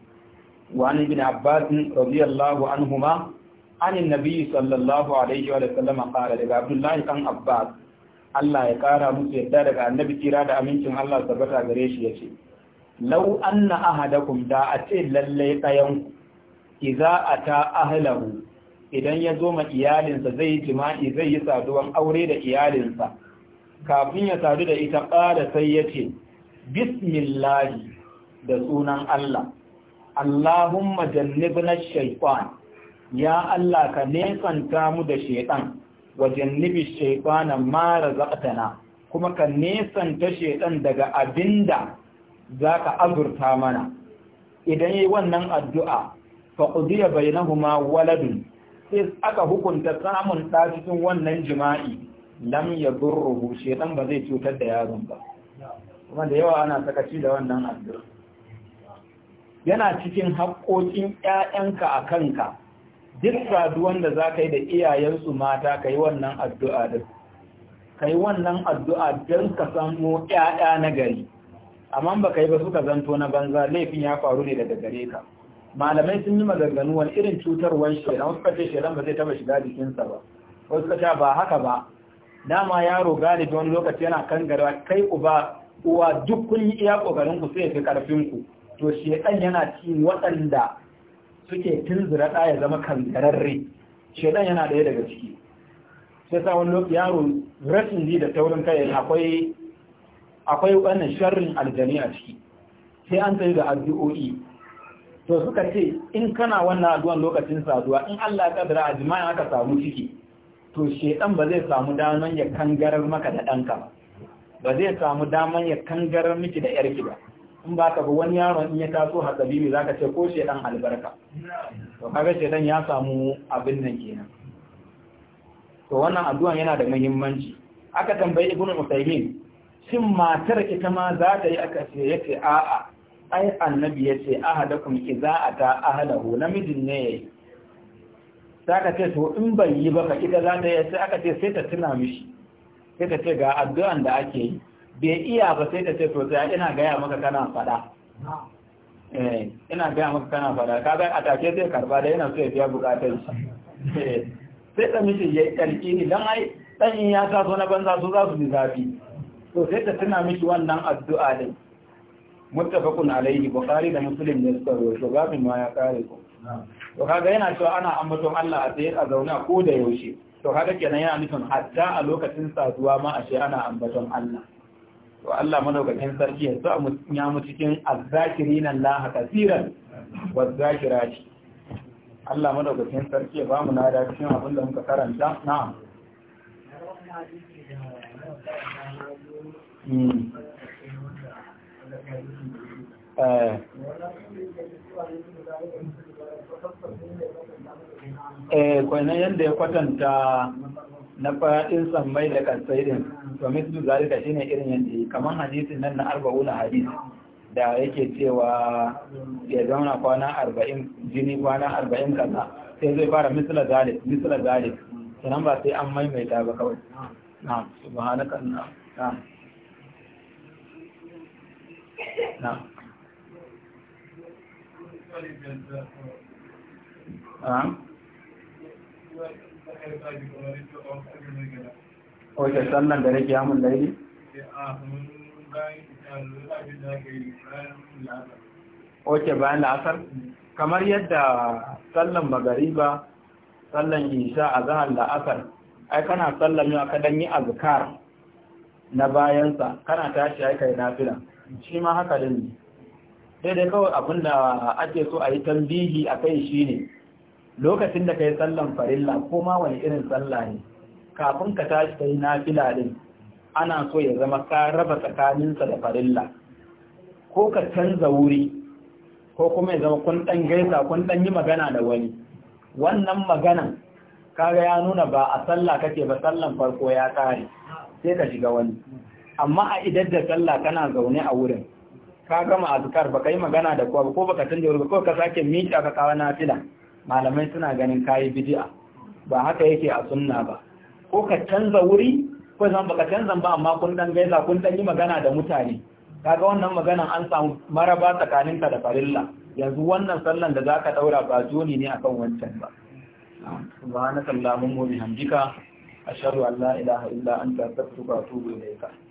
wa an ibn abbas radiyallahu anhuma an annabi sallallahu alaihi wa sallam qala da abdullah kan abbas Allah ya ƙara musu yadda daga annabi kira da amincin Allah tabbata gare shi yace law anna ahadakum da a ce lalle ɗayan a ta ahalahu idan ya zo ma iyalinsa zai yi jima'i zai yi saduwan aure da iyalinsa kafin ya sadu da ita ƙara sai ya ce, bismillahi da sunan Allah Allahumma na shaytan ya Allah ka nesanta mu da shaiɗan Wajen nibi shaytana ma razaqtana kuma ka nesanta shaytan daga abinda zaka azurta mana idan yi wannan addu'a fa qudiya bainahuma waladun sai aka hukunta samun da cikin wannan jima'i lam yadurruhu shaytan ba zai cutar da yaron ba kuma da yawa ana sakaci da wannan addu'a yana cikin haƙoƙin 'ya'yanka a kanka duk saduwan da za ka yi da iyayensu mata ka yi wannan addu'a da ka yi wannan addu'a don ka samu ‘ya'ya na gari amma ba ka yi ba suka zanto na banza laifin ya faru ne daga gare ka malamai sun yi maganganu wani irin cutarwar wasu kace ba zai taba shiga jikinsa ba wasu kace ba haka ba dama yaro galibi wani lokaci yana kan garwa kai uba uwa duk kun yi iya kokarin ku sai ya fi karfin ku to shekan yana ci waɗanda suke tunzura ɗa ya zama kankararre shedan yana ɗaya daga ciki sai sa wani lokaci yaro rashin ji da taurin kai akwai akwai wannan sharrin aljani a ciki sai an tsaye da addu'o'i to suka ce in kana wannan addu'an lokacin saduwa in Allah ya kadara a jima'in aka samu ciki to shedan ba zai samu daman ya kangarar maka da ɗanka ba ba zai samu daman ya kangarar miki da yarki ba in ba ka ba wani yaron in ya taso hatsabibi za ka ce ko shi ɗan albarka to kaga dan ya samu abin nan kenan to wannan addu'an yana da muhimmanci aka tambayi ibnu usaymin shin matar ita ma za ta yi aka ce yace a'a ai annabi yace ahadakum iza'ata ahlahu namijin ne yayi za ka ce to in bai yi ba ka ita za ta yi sai aka ce sai ta tuna mishi sai ta ce ga addu'an da ake yi bai iya ba sai ta ce to sai ina gaya maka kana fada eh ina gaya maka kana fada kaga a take zai karba da yana so ya biya bukatun shi eh, sai da miji yayi kalki ni dan ai dan ya ya so na banza su za su bi zafi to sai ta tuna miki wannan addu'a din muttafaqun alayhi bukhari da muslim ne suka rawaito babin ma ya kare ku to kaga yana cewa ana ambaton Allah a sai a zauna ko da yaushe to kaga kenan yana nufin hatta a lokacin saduwa ma ce ana ambaton Allah to Allah madaukakin sarki ya sa mu ya mu cikin azzakirina Allah kaseeran zakirati Allah madaukakin sarki ya ba mu nada cikin abin da muka karanta na'am hmm. Eh. eh kwanan yadda ya kwatanta na faɗin sammai da kan din. to mislu zalika shine irin yanda kaman hadisin nan na 40 hadis da yake cewa ya zauna kwana 40 jini kwana 40 kaza sai zai fara misla zalik misla zalik sanan ba sai an maimaita ba kawai na subhanaka na na Ah. Oke, sannan da rage yamun laili? Oke, bayan la'asar? Kamar yadda sallan magariba, sallan isha a zahar la'asar, ai kana sallan yau ka yi azkar na bayansa, kana tashi ai kai nafila. Shi ma haka din ne. Daidai kawai abin da ake so a yi tambihi a kai shi ne, lokacin da ka yi sallan farilla ko ma wani irin sallah ne. kafin ka tashi yi nafila din ana so ya zama ka raba tsakaninsa da farilla ko ka canza wuri ko kuma ya zama kun dan gaisa kun dan yi magana da wani wannan maganan kaga ya nuna ba a sallah kake ba sallan farko ya kare sai ka shiga wani amma a idan da sallah kana zaune a wurin ka gama azkar ba kai magana da kowa ko baka canza wuri ko ka sake miƙa ka kawo nafila malamai suna ganin kayi bid'a ba haka yake a sunna ba ko ka canza wuri ko zan baka canza ba amma kun dan gaisa kun dan yi magana da mutane kaga wannan maganan an samu maraba tsakaninka da farilla yanzu wannan sallan da zaka daura ba joni ne akan wancan ba subhanakallahumma wa bihamdika ashhadu an la ilaha illa anta astaghfiruka wa atubu ilayka